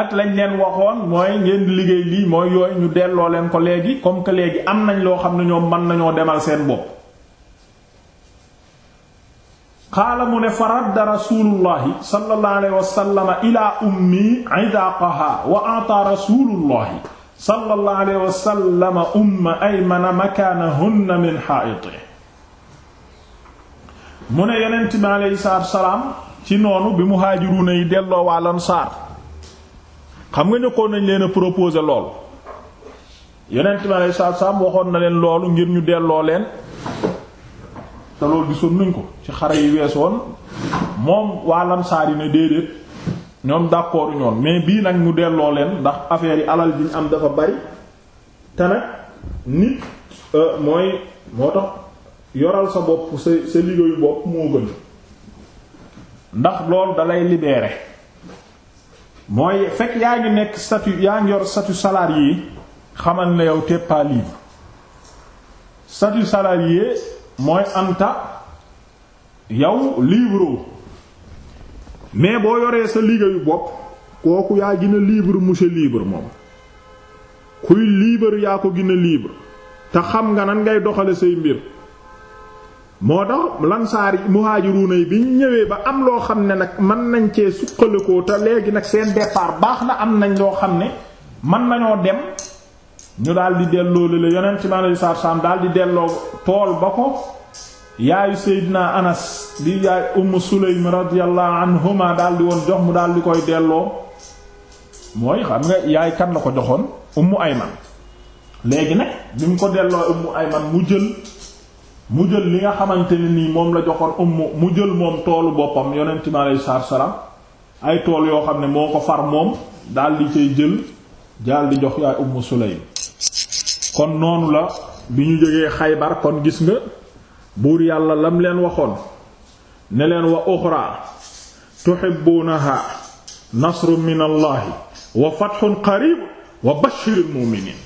ak lañ leen waxoon mooy ngeen liggéey lii mooy yooyu ñu delloo leen ko léegi comme que léegi am nañ loo xam ne ñoom mën nañoo demal seen bopp qaala mu ne fa radda rasulullahi sallallahu alayhi wa sallam ila wa a'ta rasulullahi sallallahu alayhi wa sallam umma mu ne yonent bi salaam ci noonu bi muhaajiruuna yi delloo waa Ansaar xam nga ñëkkoon nañ leen propose proposé lool yonent bi salaam waxoon na leen loolu ngir ñu delloo leen te loolu gisoon nañ ko ci xare yi wees woon moom waa lamsaar yi ne déedéet ñoom d'accord ñoom mais bii nag mu delloo leen ndax affaire yi alal bi ñu am dafa bari te nit euh, mooy moo tax yoral sa bopp sa liggéeyu bopp moo gën ndax lool dalay libeere mooy fekk yaa ngi nekk statut yaa ngi yor statut yi xamal ne yow t'es pas libre statut salarié mooy anta yow libre mais boo yoree sa liggéeyu bopp kooku yaa gën a libre monsieur libre moom kuy libre yaa ko gën a te xam nga nan ngay doxale say mbir moo tax lansaar yi muhaajiruuna yi bi ñëwee ba am loo xam ne nag mën nañ cee suqalikoo te léegi nag seen départ baax na am nañ loo xam ne mën nañoo dem ñu daal di delloo la yonent mi alayhi salaatu salaam daal di delloo tool ba ko yaayu Seydina Anas di yaay Umm Sulaym radiyallahu anhuma daal di woon jox mu daal di koy delloo mooy xam nga yaay kan la ko joxoon Ummu Ayman léegi nag bi mu ko delloo Ummu Ayman mu jël mu jël li nga xamante ne nii moom la joxoon Ummu mu jël moom toolu boppam yonent mi alayhi salaatu ay tool yoo xam ne moo ko far moom daal di koy jël daal di jox yaay Umm Sulaym kon noonu la bi ñu jógee xaybar kon gis nga buur yàlla lam leen waxoon ne leen wa uxra tuhibbunaha nasrun min allahi wa fathun qarib wa bashiril mu'minin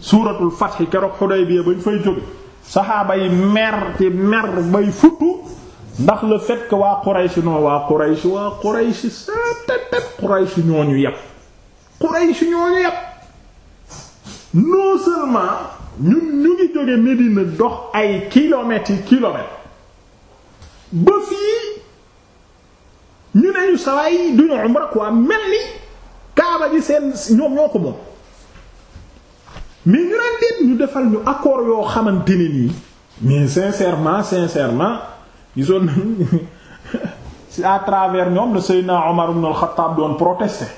suuratul fath keroog Hudaybiya bañ fay jóge saxaaba yi mer ci mer bay futtu ndax le fait que waa Quraysh non waa Quraysh waa Quraysh sa tat tat Quraysh ñooñu yàpp Quraysh ñooñu yàpp non seulement ñun ñu ngi jóge Médina dox ay kilomètres yi kilomètres ba fii ñu ne ñu sawaay duñu umra quoi mel ni kaaba gi seen ñoom ñoo ko moom mais ñu naan déet ñu defal ñu accord yoo xamante ne nii mais sincèrement sincèrement gisoon nañ [laughs] à travers ñoom la Seydina Omar ibn al-Khattab doon protester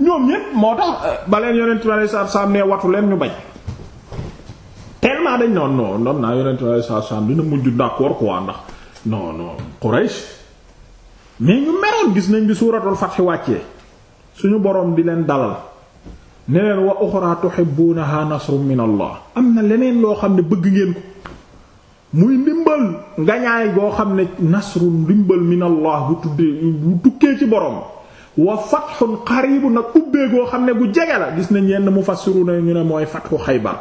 ñoom ñépp moo tax euh, ba leen yonent bi aleyhi salaatu watu leen ñu bañ tellement dañ non non non naa yonent bi aleyhi salaatu dina mujj d'accord quoi ndax non non Quraysh ñu meroon gis nañ bi suuratul Fath wàcce suñu borom di leen dalal ne leen wa uxraa tuhibbuunahaa nasrun min Allah am na leneen loo xam ne bëgg ngeen ko muy ndimbal ngañaay boo xam ne nasrun ndimbal min bu tuddee bu tukkee ci boroom. wa fathun qaribu nag ubbee goo xam ne bu jege la gis nañ yenn mufassiru na ñu ne mooy fathu Xaybar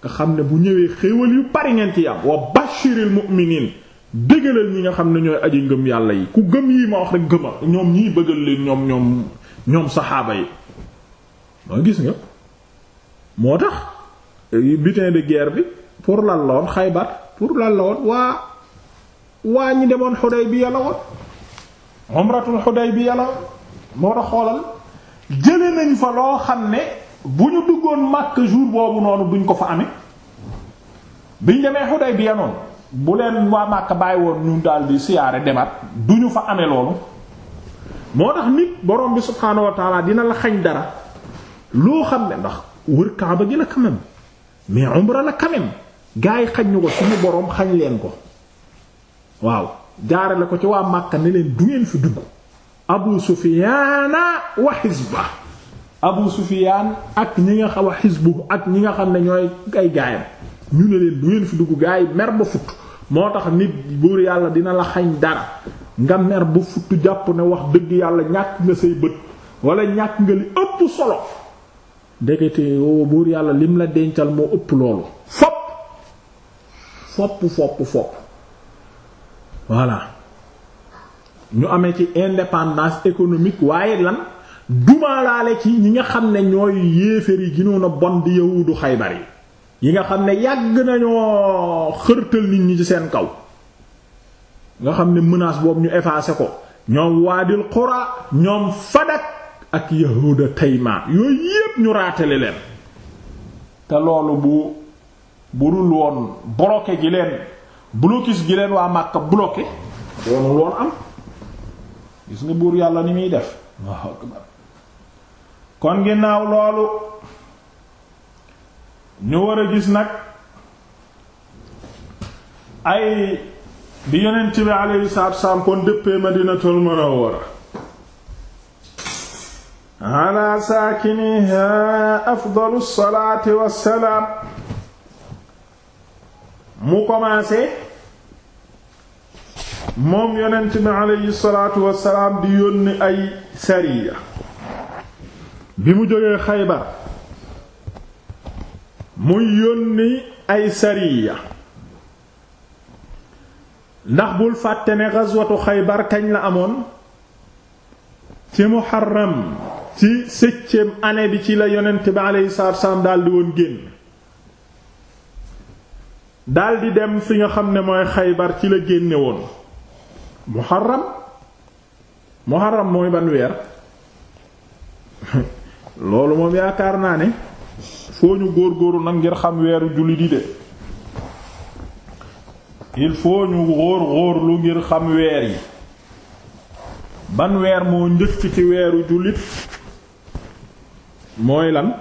nga xam ne bu ñëwee xéewal yu bari ngeen ci am wa bashiril mu'minin bégalal ñi nga xam ne ñooy aji ngëm yàlla yi ku gëm yi ma wax rek gëma ñoom ñii bëggal leen ñoom ñoom ñoom saxaaba yi mooy gis nga moo tax butin de bi pour lan la woon Xaybar pour lan la woon waa waa ñi demoon bi la woon umratul Hudaybiya la moo tax xoolal jële nañu fa loo xam ne bu ñu duggoon màkk jour boobu noonu duñ ko fa amee biñ demee Hudaybiya noonu bu leen waa màkk bàyyi woon ñu daldi siyaare demat du ñu fa amee loolu moo tax nit borom bi subhaanahu dina la xañ dara loo xam ne ndax wër kaaba gi la quand même mais umra la quand même yi xañ ñu ko suñu boroom xañ leen ko waaw jaare la ko ci waa Makka ne leen du ngeen fi dugg Abu Sufyaan wa xisba Abu Sufyaan ak ñi nga xam wa xisbu ak ñi nga xam ne ñooy ay gaayam ñu ne leen du fi dugg gaay mer ba futt moo tax nit buur yàlla dina la xañ dara nga mer ba futt jàpp ne wax dëgg yàlla ñàkk nga say bët wala ñàkk nga li ëpp solo ndekete yoo buur yàlla lim la dencal moo ëpp loolu fopp fopp fopp fopp voilà ñu amee ci indépendance économique waaye lan dumaalaale ci ñi nga xam ne ñooy yéeféer yi ginoon bon di yahuudu xaybar yi yi nga xam ne yàgg nañoo xërtal nit ñi ci seen kaw nga xam ne menace boobu ñu effacé ko ñoom waadil qura ñoom fadak ak yahuuda tayma yooyu yépp ñu raatale leen te loolu bu bu dul woon bloqué gi leen blocus gi leen waa Makka bloqué doonul woon am gis nga buur yàlla ni muy def kon ginnaaw loolu ñu war a gis nag ay bi yonent bi alayhi salaatu wassalaam kon dëppee Madinatul Munawwara ala saakiniha afdalu salaati wassalaam mu commencé moom yonent bi aleyhi salaatu wassalaam di yónni ay sariya bi mu jógee Xaybar muy yónni ay sariya ndax bul fàtte ne gazwatu Xaybar kañ la amoon ci muharram ci septième année bi ci la yonent bi aleyhi salaatu wassalaam daldi woon génn daldi dem fi nga xam ne mooy xaybar ci la génne woon muharram muharram mooy ban [laughs] loolu moom yaakaar naa ne foo ñu góor-góoru nag ngir xam weeru julli di de il faut ñu góor-góor lu ngir xam weer yi ban moo njëkk ci weeru jullit mooy lan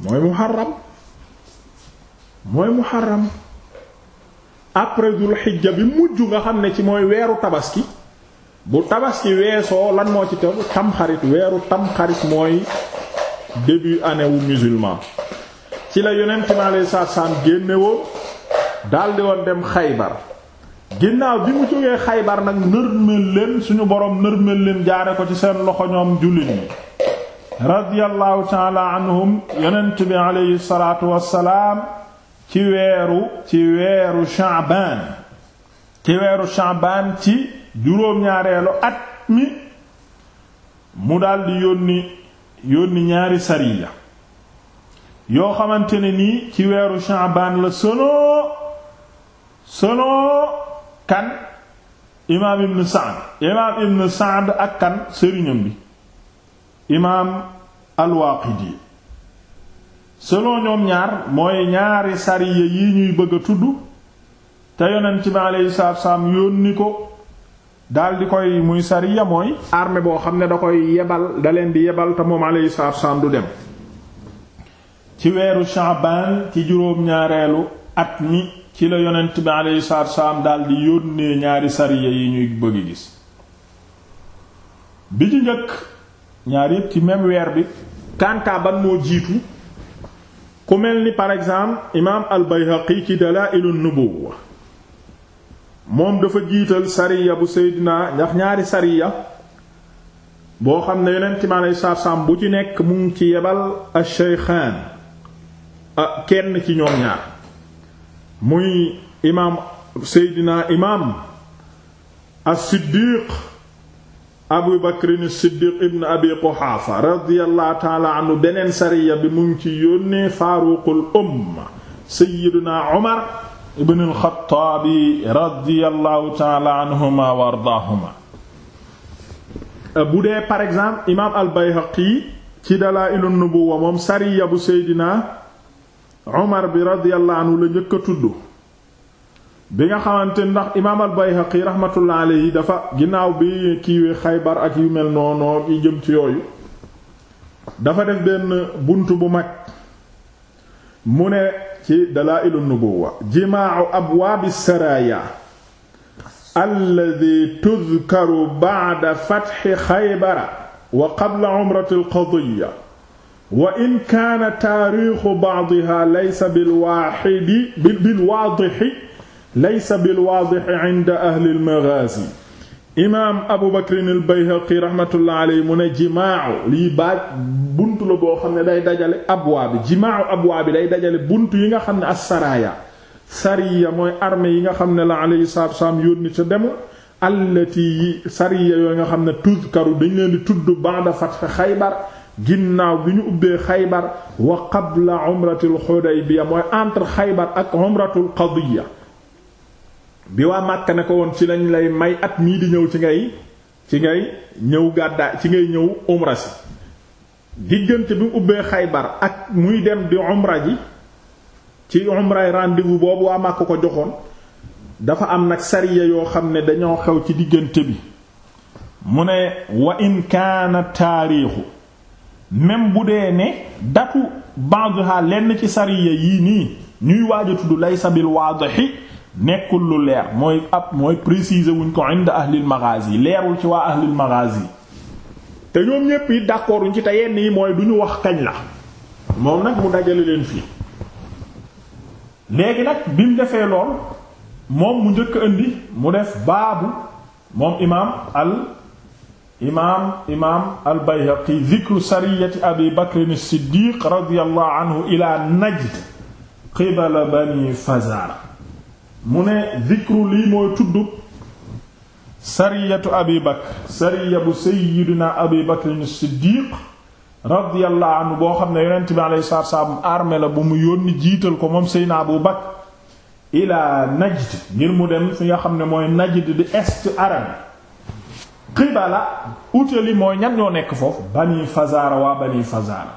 mooy muharram mooy muharram après dul xijja bi mujj nga xam ne ci mooy weeru tabaski bu tabaski weesoo lan moo ci tegu tamxarit weeru tamxarit mooy début année wu musulman ci la yonent mi alayhi salaatu génnewoo daldi woon dem xaybar ginnaaw bi mu jógee xaybar nag nërmel leen suñu boroom nërmel leen jaare ko ci seen loxo ñoom jullit ñi radiyallahu ta'ala anhum yonent bi alayhi salaatu wassalaam ci weeru ci weeru Sha'ban ci weeru Sha'ban ci juróom-ñaareelu at mi mu daldi yónni yónni ñaari sariya yoo xamante nii ci weeru Sha'ban la solo solo kan imaam Ibn Sa'd imaam Ibn Sa'd ak sëriñam bi imaam al selon ñoom ñaar mooy ñaari sariya yi ñuy bëgg a tudd te yonent bi alayhi salaatu salaam yónni ko daal koy muy sariya mooy armée boo xam ne da koy yebal da leen di yebal te moom alayhi salaatu salaam du dem ci weeru Sha'ban ci juróom-ñaareelu at mi ci la yonent bi alayhi salaatu salaam daal yónnee ñaari sariya yi ñuy bëgg gis bi ci njëkk ñaar yépp ci même weer bi kanta moo jiitu ku mel ni par exemple imaam al-Bayhaqi ci Dalaa'il an-Nubuwwa moom dafa jiital sariya bu Seydina ndax ñaari sariya boo xam ne yeneen time alay sarsam bu ci nekk mu ngi ci yebal ash-shaykhaan kenn ci ñoom ñaar muy imaam Seydina imaam as abu bakrin siddiq ibn abi quxaafa radiyallahu taala beneen sariya bi mu ngi ci yónnee faaruqul umma sayyiduna umar ibn alxataabi radiyallahu taala anhuma wa ardaahuma bu dee par exemple imaam al bayhaqi ci dalaa'ilun nubuwa moom sariya bu sayyidina umar bi radiyallahu anhu la njëkk a tudd bi nga xamante ndax imaam al Bayhaqi rahmatullah dafa ginnaaw bi kiiwee Xaybar ak yu mel noono yi jëm ci yooyu dafa def benn bunt bu mag mu ne ci dalaa'ilu nubuwwa jimaa'u abwaabi saraaya alladhi tudhkaru ba'da fathi Xaybara wa qabla umrati al-qadiyya wa in kaana taariixu ba'diha laysa bil waahidi waadihi laysa bil waadix inda ahli al maghazi imaam abu bakrin al bayhaqi raxmatullah alayhi mu ne jimaaw lii baaj bunt la boo xam ne day dajale abwaa bi jimaaw abwaa bi day dajale bunt yi nga xam ne assaraaya sariya mooy armée yi nga xam ne la alayhi yoon wassalaam yónni ca demu allati sariya yooyu nga xam ne tuzkaru dañ leen di tudd ba'da fath xaybar ginnaaw bi ñu ubbee xaybar wa qabla umratul xudaybiya mooy entre xaybar ak umratul qadiya bi waa Màkka ne ko woon ci lañu lay may at mii di ñëw ci ngay ci ngay ñëw gàddaa ci ngay ñëw umra si diggante bi mu ubbee Xaybar ak muy dem di umra ji ci umray rendez-vous boobu waa Màkka ko joxoon dafa am nag sariya yoo xam ne dañoo xew ci diggante bi mu ne wa in kaana taariixu même bu dee ne datu ba'daha lenn ci sariya yi nii ñuy waaja tudd laysa bil waadixi nekkul lu leer mooy ab mooy préciser wuñ ko inda ahlil maghazi leerul ci waa ahlil maghazi te ñoom ñépp yi d'accord wuñ ci te yenn yi mooy duñu wax kañ la moom nag mu dajale leen fii léegi nag bi mu defee lool moom mu njëkk indi mu def baabu moom imaam al imaam imaam al bayhaqi dhikru sariyati abi bakr as-siddiq radiyallahu anhu ila najd qibala bani fazara mu ne zikru lii mooy tudd sariyatu abi bakr sariya bu sayyidina abi bakr as-siddiq radiyallahu anhu boo xam ne yonent bi alayhi salaatu salaam la bu mu yónni jiital ko moom seydina abu bakr ila najd ngir mu dem fi nga xam ne mooy najd di est arabe qibala utali mooy ñan ñoo nekk foofu bani fazaara waa bani fazaara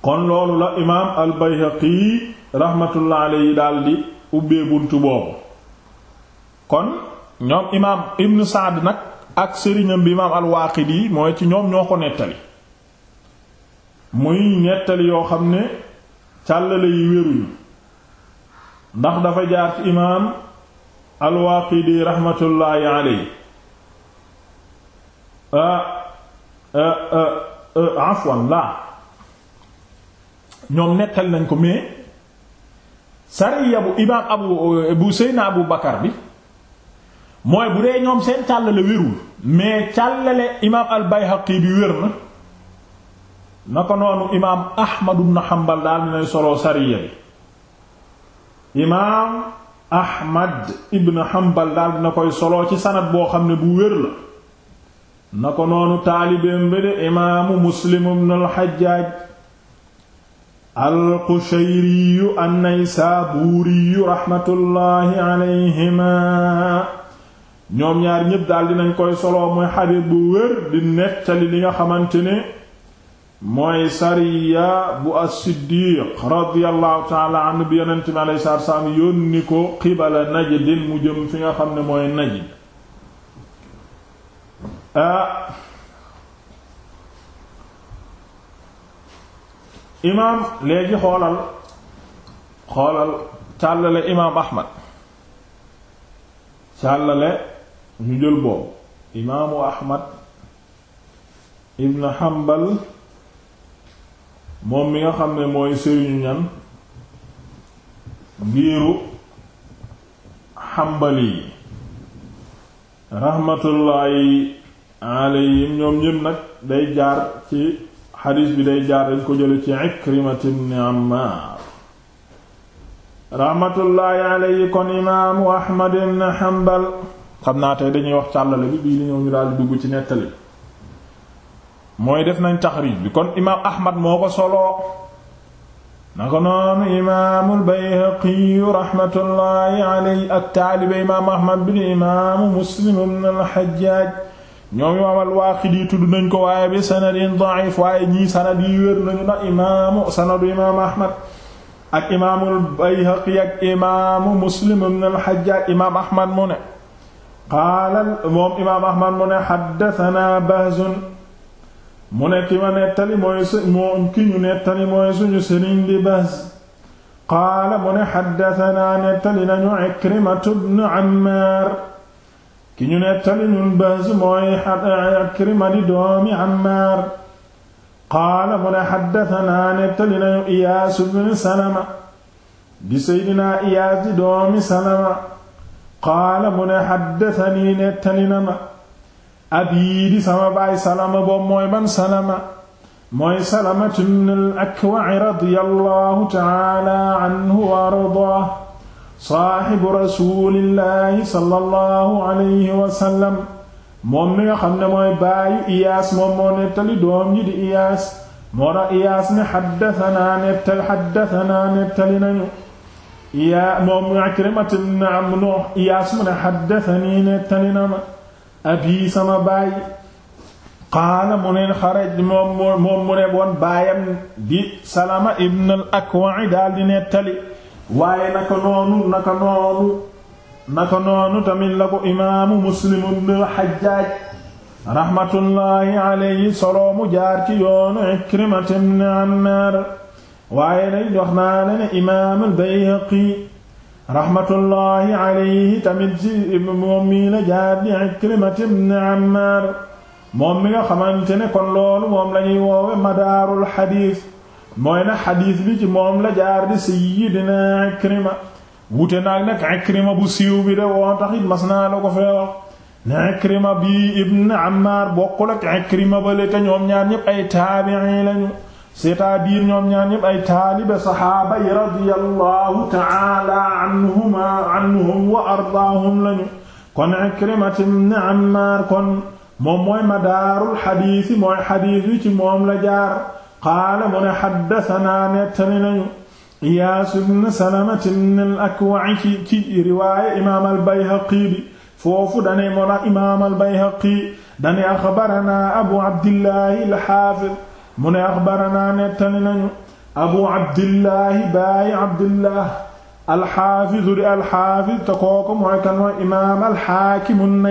kon loolu la imaam al bayhaqi rahmatullah alayhi daal di ubbee buntu boobu kon ñoom imaam ibn Saad nag ak sëriñam bi imaam al mooy ci ñoom ñoo ko nettali muy nettali yoo xam ne càllale yi wéruñu ndax dafa jaar ci imaam al-Waaqidi rahmatullaahi alayhi euh, euh, euh, afwan laa ñoom nettali nañ ko mais sariya bu imaam abu bu seyna abu bakar bi mooy bu dee ñoom seen càllale wérul mais càllale imaam al bi wér na na ko noonu imaam ahmad ibn hanbal daal dinay solo sariya bi imaam ahmad ibn hanbal daal dina koy solo ci sanad boo xam ne bu wér la na ko noonu taalibeem bi de imaamu muslim ibn al alqushayriyu annaysaabuuriyu raxmatullaahi alayhima ñoom ñaar ñépp daal dinañ koy soloo muy xadiis bu wér di nettali li nga xamante ne mooy sariya bu as-siddiq radiyallahu taala anhu bi yonent bi alayhi salaatu salaam yónni ko qibala najdin mu jëm fi nga xam ne mooy najd ah imaam léegi xoolal xoolal càllale imaam ahmad càllale ñu jël boobu imaamu ahmad ibn hanbal moom mi nga xam ne mooy sëriñu ñan giiru hanbali yi rahmatullaahi alayhim ñoom ñépp nag day jaar ci xadiis bi day jaar dañ ko jële ci Ikrimat ibn Ammaar raxmatullaahi kon imaamu Ahmad ibn Hanbal xam naa tey dañuy wax càllale bi bii ñëw ñu daal dugg ci nettali mooy def nañ taxriij bi kon imaam Ahmad moo ko soloo naka noonu imaamul Bayhaqi raxmatullaahi alayhi ak Ahmad bi imaamu Muslim ibn al ñoom imaam al-Waaqidi tudd nañ ko waaye bi sanadin da'if waaye ñii sanad yi wér nañu na imaamu sanadu imaamu Ahmad ak imaamul Bayhaqi ak imaamu Muslim ibn al-Hajjaj imaam Ahmad mu ne moom imaam Ahmad mu ne Bahz mu ki ma nettali mooy moom ki ñu nettali mooy suñu Bahz qaala mu ne nettali nañu Ikrimatu ibn Ammaar ki ñu nettali ñun baas mooy Ikrima eh, ne xaddatanaa nettali nañu Iyaas Salama di Seydinaa Iyaas di doomi Salama qaala mu ne xaddatanii nettali na ma abii di sama baay Salama boobu mooy ban Salama mooy Salamatu ibn al-Akwa' radiyallahu ta'ala anhu wa ardaahu saaxibu rasulillahi sallallahu alayhi wa moom mi nga xam ne mooy baayu iyaas moom moo nettali doom ji di iyaas moo tax iyaas ne xaddatanaa nettali xaddatanaa nettali nañu iyaa moom Ikrimat ibn iyaas mu ne xaddatanii nettali na abii sama baay qaala mu ne xaraj moom mu ne woon baayam di Salama ibn al-Akwa' daal di nettali waaye naka noonu tamit la ko imaamu muslim ibn hajjaaj rahmatullahi alayhi solo mu jaar ci yoonu ikrimat ibn annaar waaye nag jox naa ne ne imaam al-bayhaqi rahmatullahi alayhi tamit ci ibn annaar moom mi nga xamante ne kon loolu moom lañuy woowe madaarul xadiis mooy na xadiis bi ci moom la jaar di sayyidina Ikrima wute naag nag Ikrima bu siiw bi de woo tax it la ko fee wax na Ikrima bi ibn Ammar bokkul ak Ikrima ba le te ñoom ñaar ñëpp ay taabi'i lañu c'est-à-dire ñoom ñaar ñëpp ay taalibe saxaaba yi radiyallahu ta'ala anhum wa ardaahum lañu kon Ikrima ibn Ammar kon moom mooy madaarul xadiis yi mooy xadiis yi ci moom la jaar qaala mu ne xaddatanaa nañu iyaas ibn salamat ibn al akwa'i ci ci riwaaya imaam al bayhaqi foofu dane moo imaam al dane axbaranaa abu abdillahi al xaafid mu ne axbaranaa nettali nañu abu abdillahi baayi abdillah al xaafid mooy kan imaam al xaakim an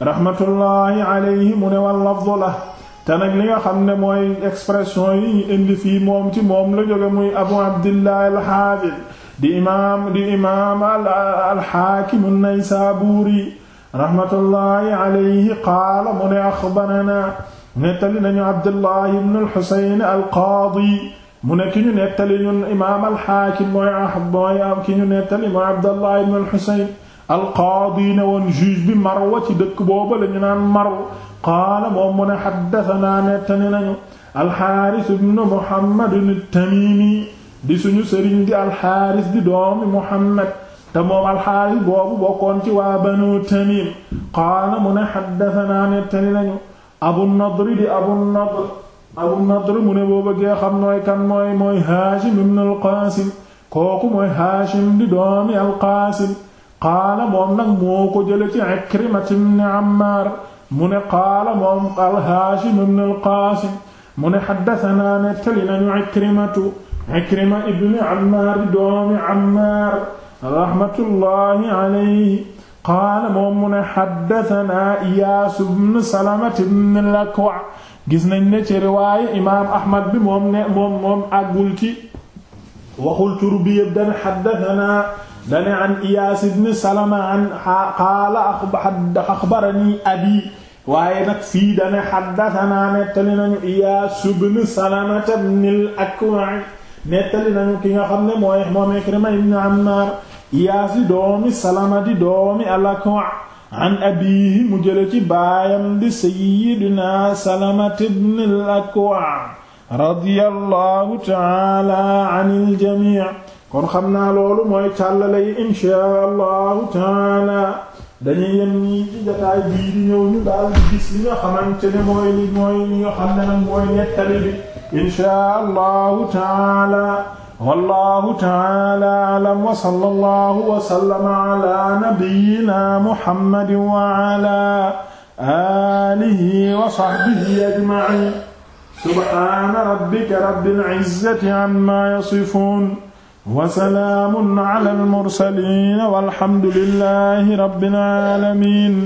raxmatullaahi alayhi mu ne wal te nag li nga xam ne mooy expression yi ñu indi fii moom ci moom la jóge muy abu abdillah alxaafid di imaam di imaam alxaakim an-naysaabuuri raxmatullaahi alayhi qaala mu ne axbaranaa nettali nañu abdullah ibn alxusayn alqaadi mu ne ki ñu nettali ñun imaam alxaakim mooy mooy ki ñu nettali mooy abdullah ibn alxusayn alqaadi ne woon juge bi marwa ci dëkk booba la ñu naan marwa qaala moom mu ne xaddatanaa nettani nañu alxaaris ibnu mohammadin tamimi di suñu sëriñ di alxaaris di doomi mohammad te moom alxaaris boobu bokkoon ci waa banu tamim qaala mu na xaddatanaa nettani nañu abu nadri di abu nadr abu nadr mu ne booba gee nooy kan mooy mooy haashim ibnu alqaasim kooku mooy haashim di doomi alqaasim qaala moom nag moo ko jële ci Ikrimata ibn Ammaar mu ne qaala moom al-Haashim ibn al-Qaasim mu ne haddasanaa nettali nañu Ikrimatu Ikrima ibn Ammaar di doomi Ammaar rahmatullahi alayhi qaala moom mu ne haddasanaa Iyaas ibn Salama ibn al-Akwa' gis nañ ne ci riwaayu imaam Ahmad bi moom ne moom moom àggul ci waxul tur bi yëpp dañ haddasanaa dane an iyaas ibn salama an qaala axbarani abi waaye nag fii dane xaddatanaa nettali nañu iyaas ibn salama ibn al akwa nettali nañu ki nga xam ne mooy moom ikrima ibn ammaar iyaas di doomi salama di doomi al akwa an abiihi mu jële ci baayam di sayyidina salama ibn al akwa radiyallahu ta'ala anil jamii kon xam naa loolu mooy càllale yi inshaa allahu taala dañuy yem ñii ci jotaay bii di ñëw ñu daal di gis li nga xamante ne mooy li mooy li nga xam ne nag mooy nettali bi inshaa allahu taala wallahu taala alam wa sallallahu wa sallama ala nabiyyina muhammadin wa ala alihi wa sahbihi ajma'in subhana rabbika rabbil izzati amma yasifun wasalaamun ala almursaliin walhamdulillahi rabbil aalamiin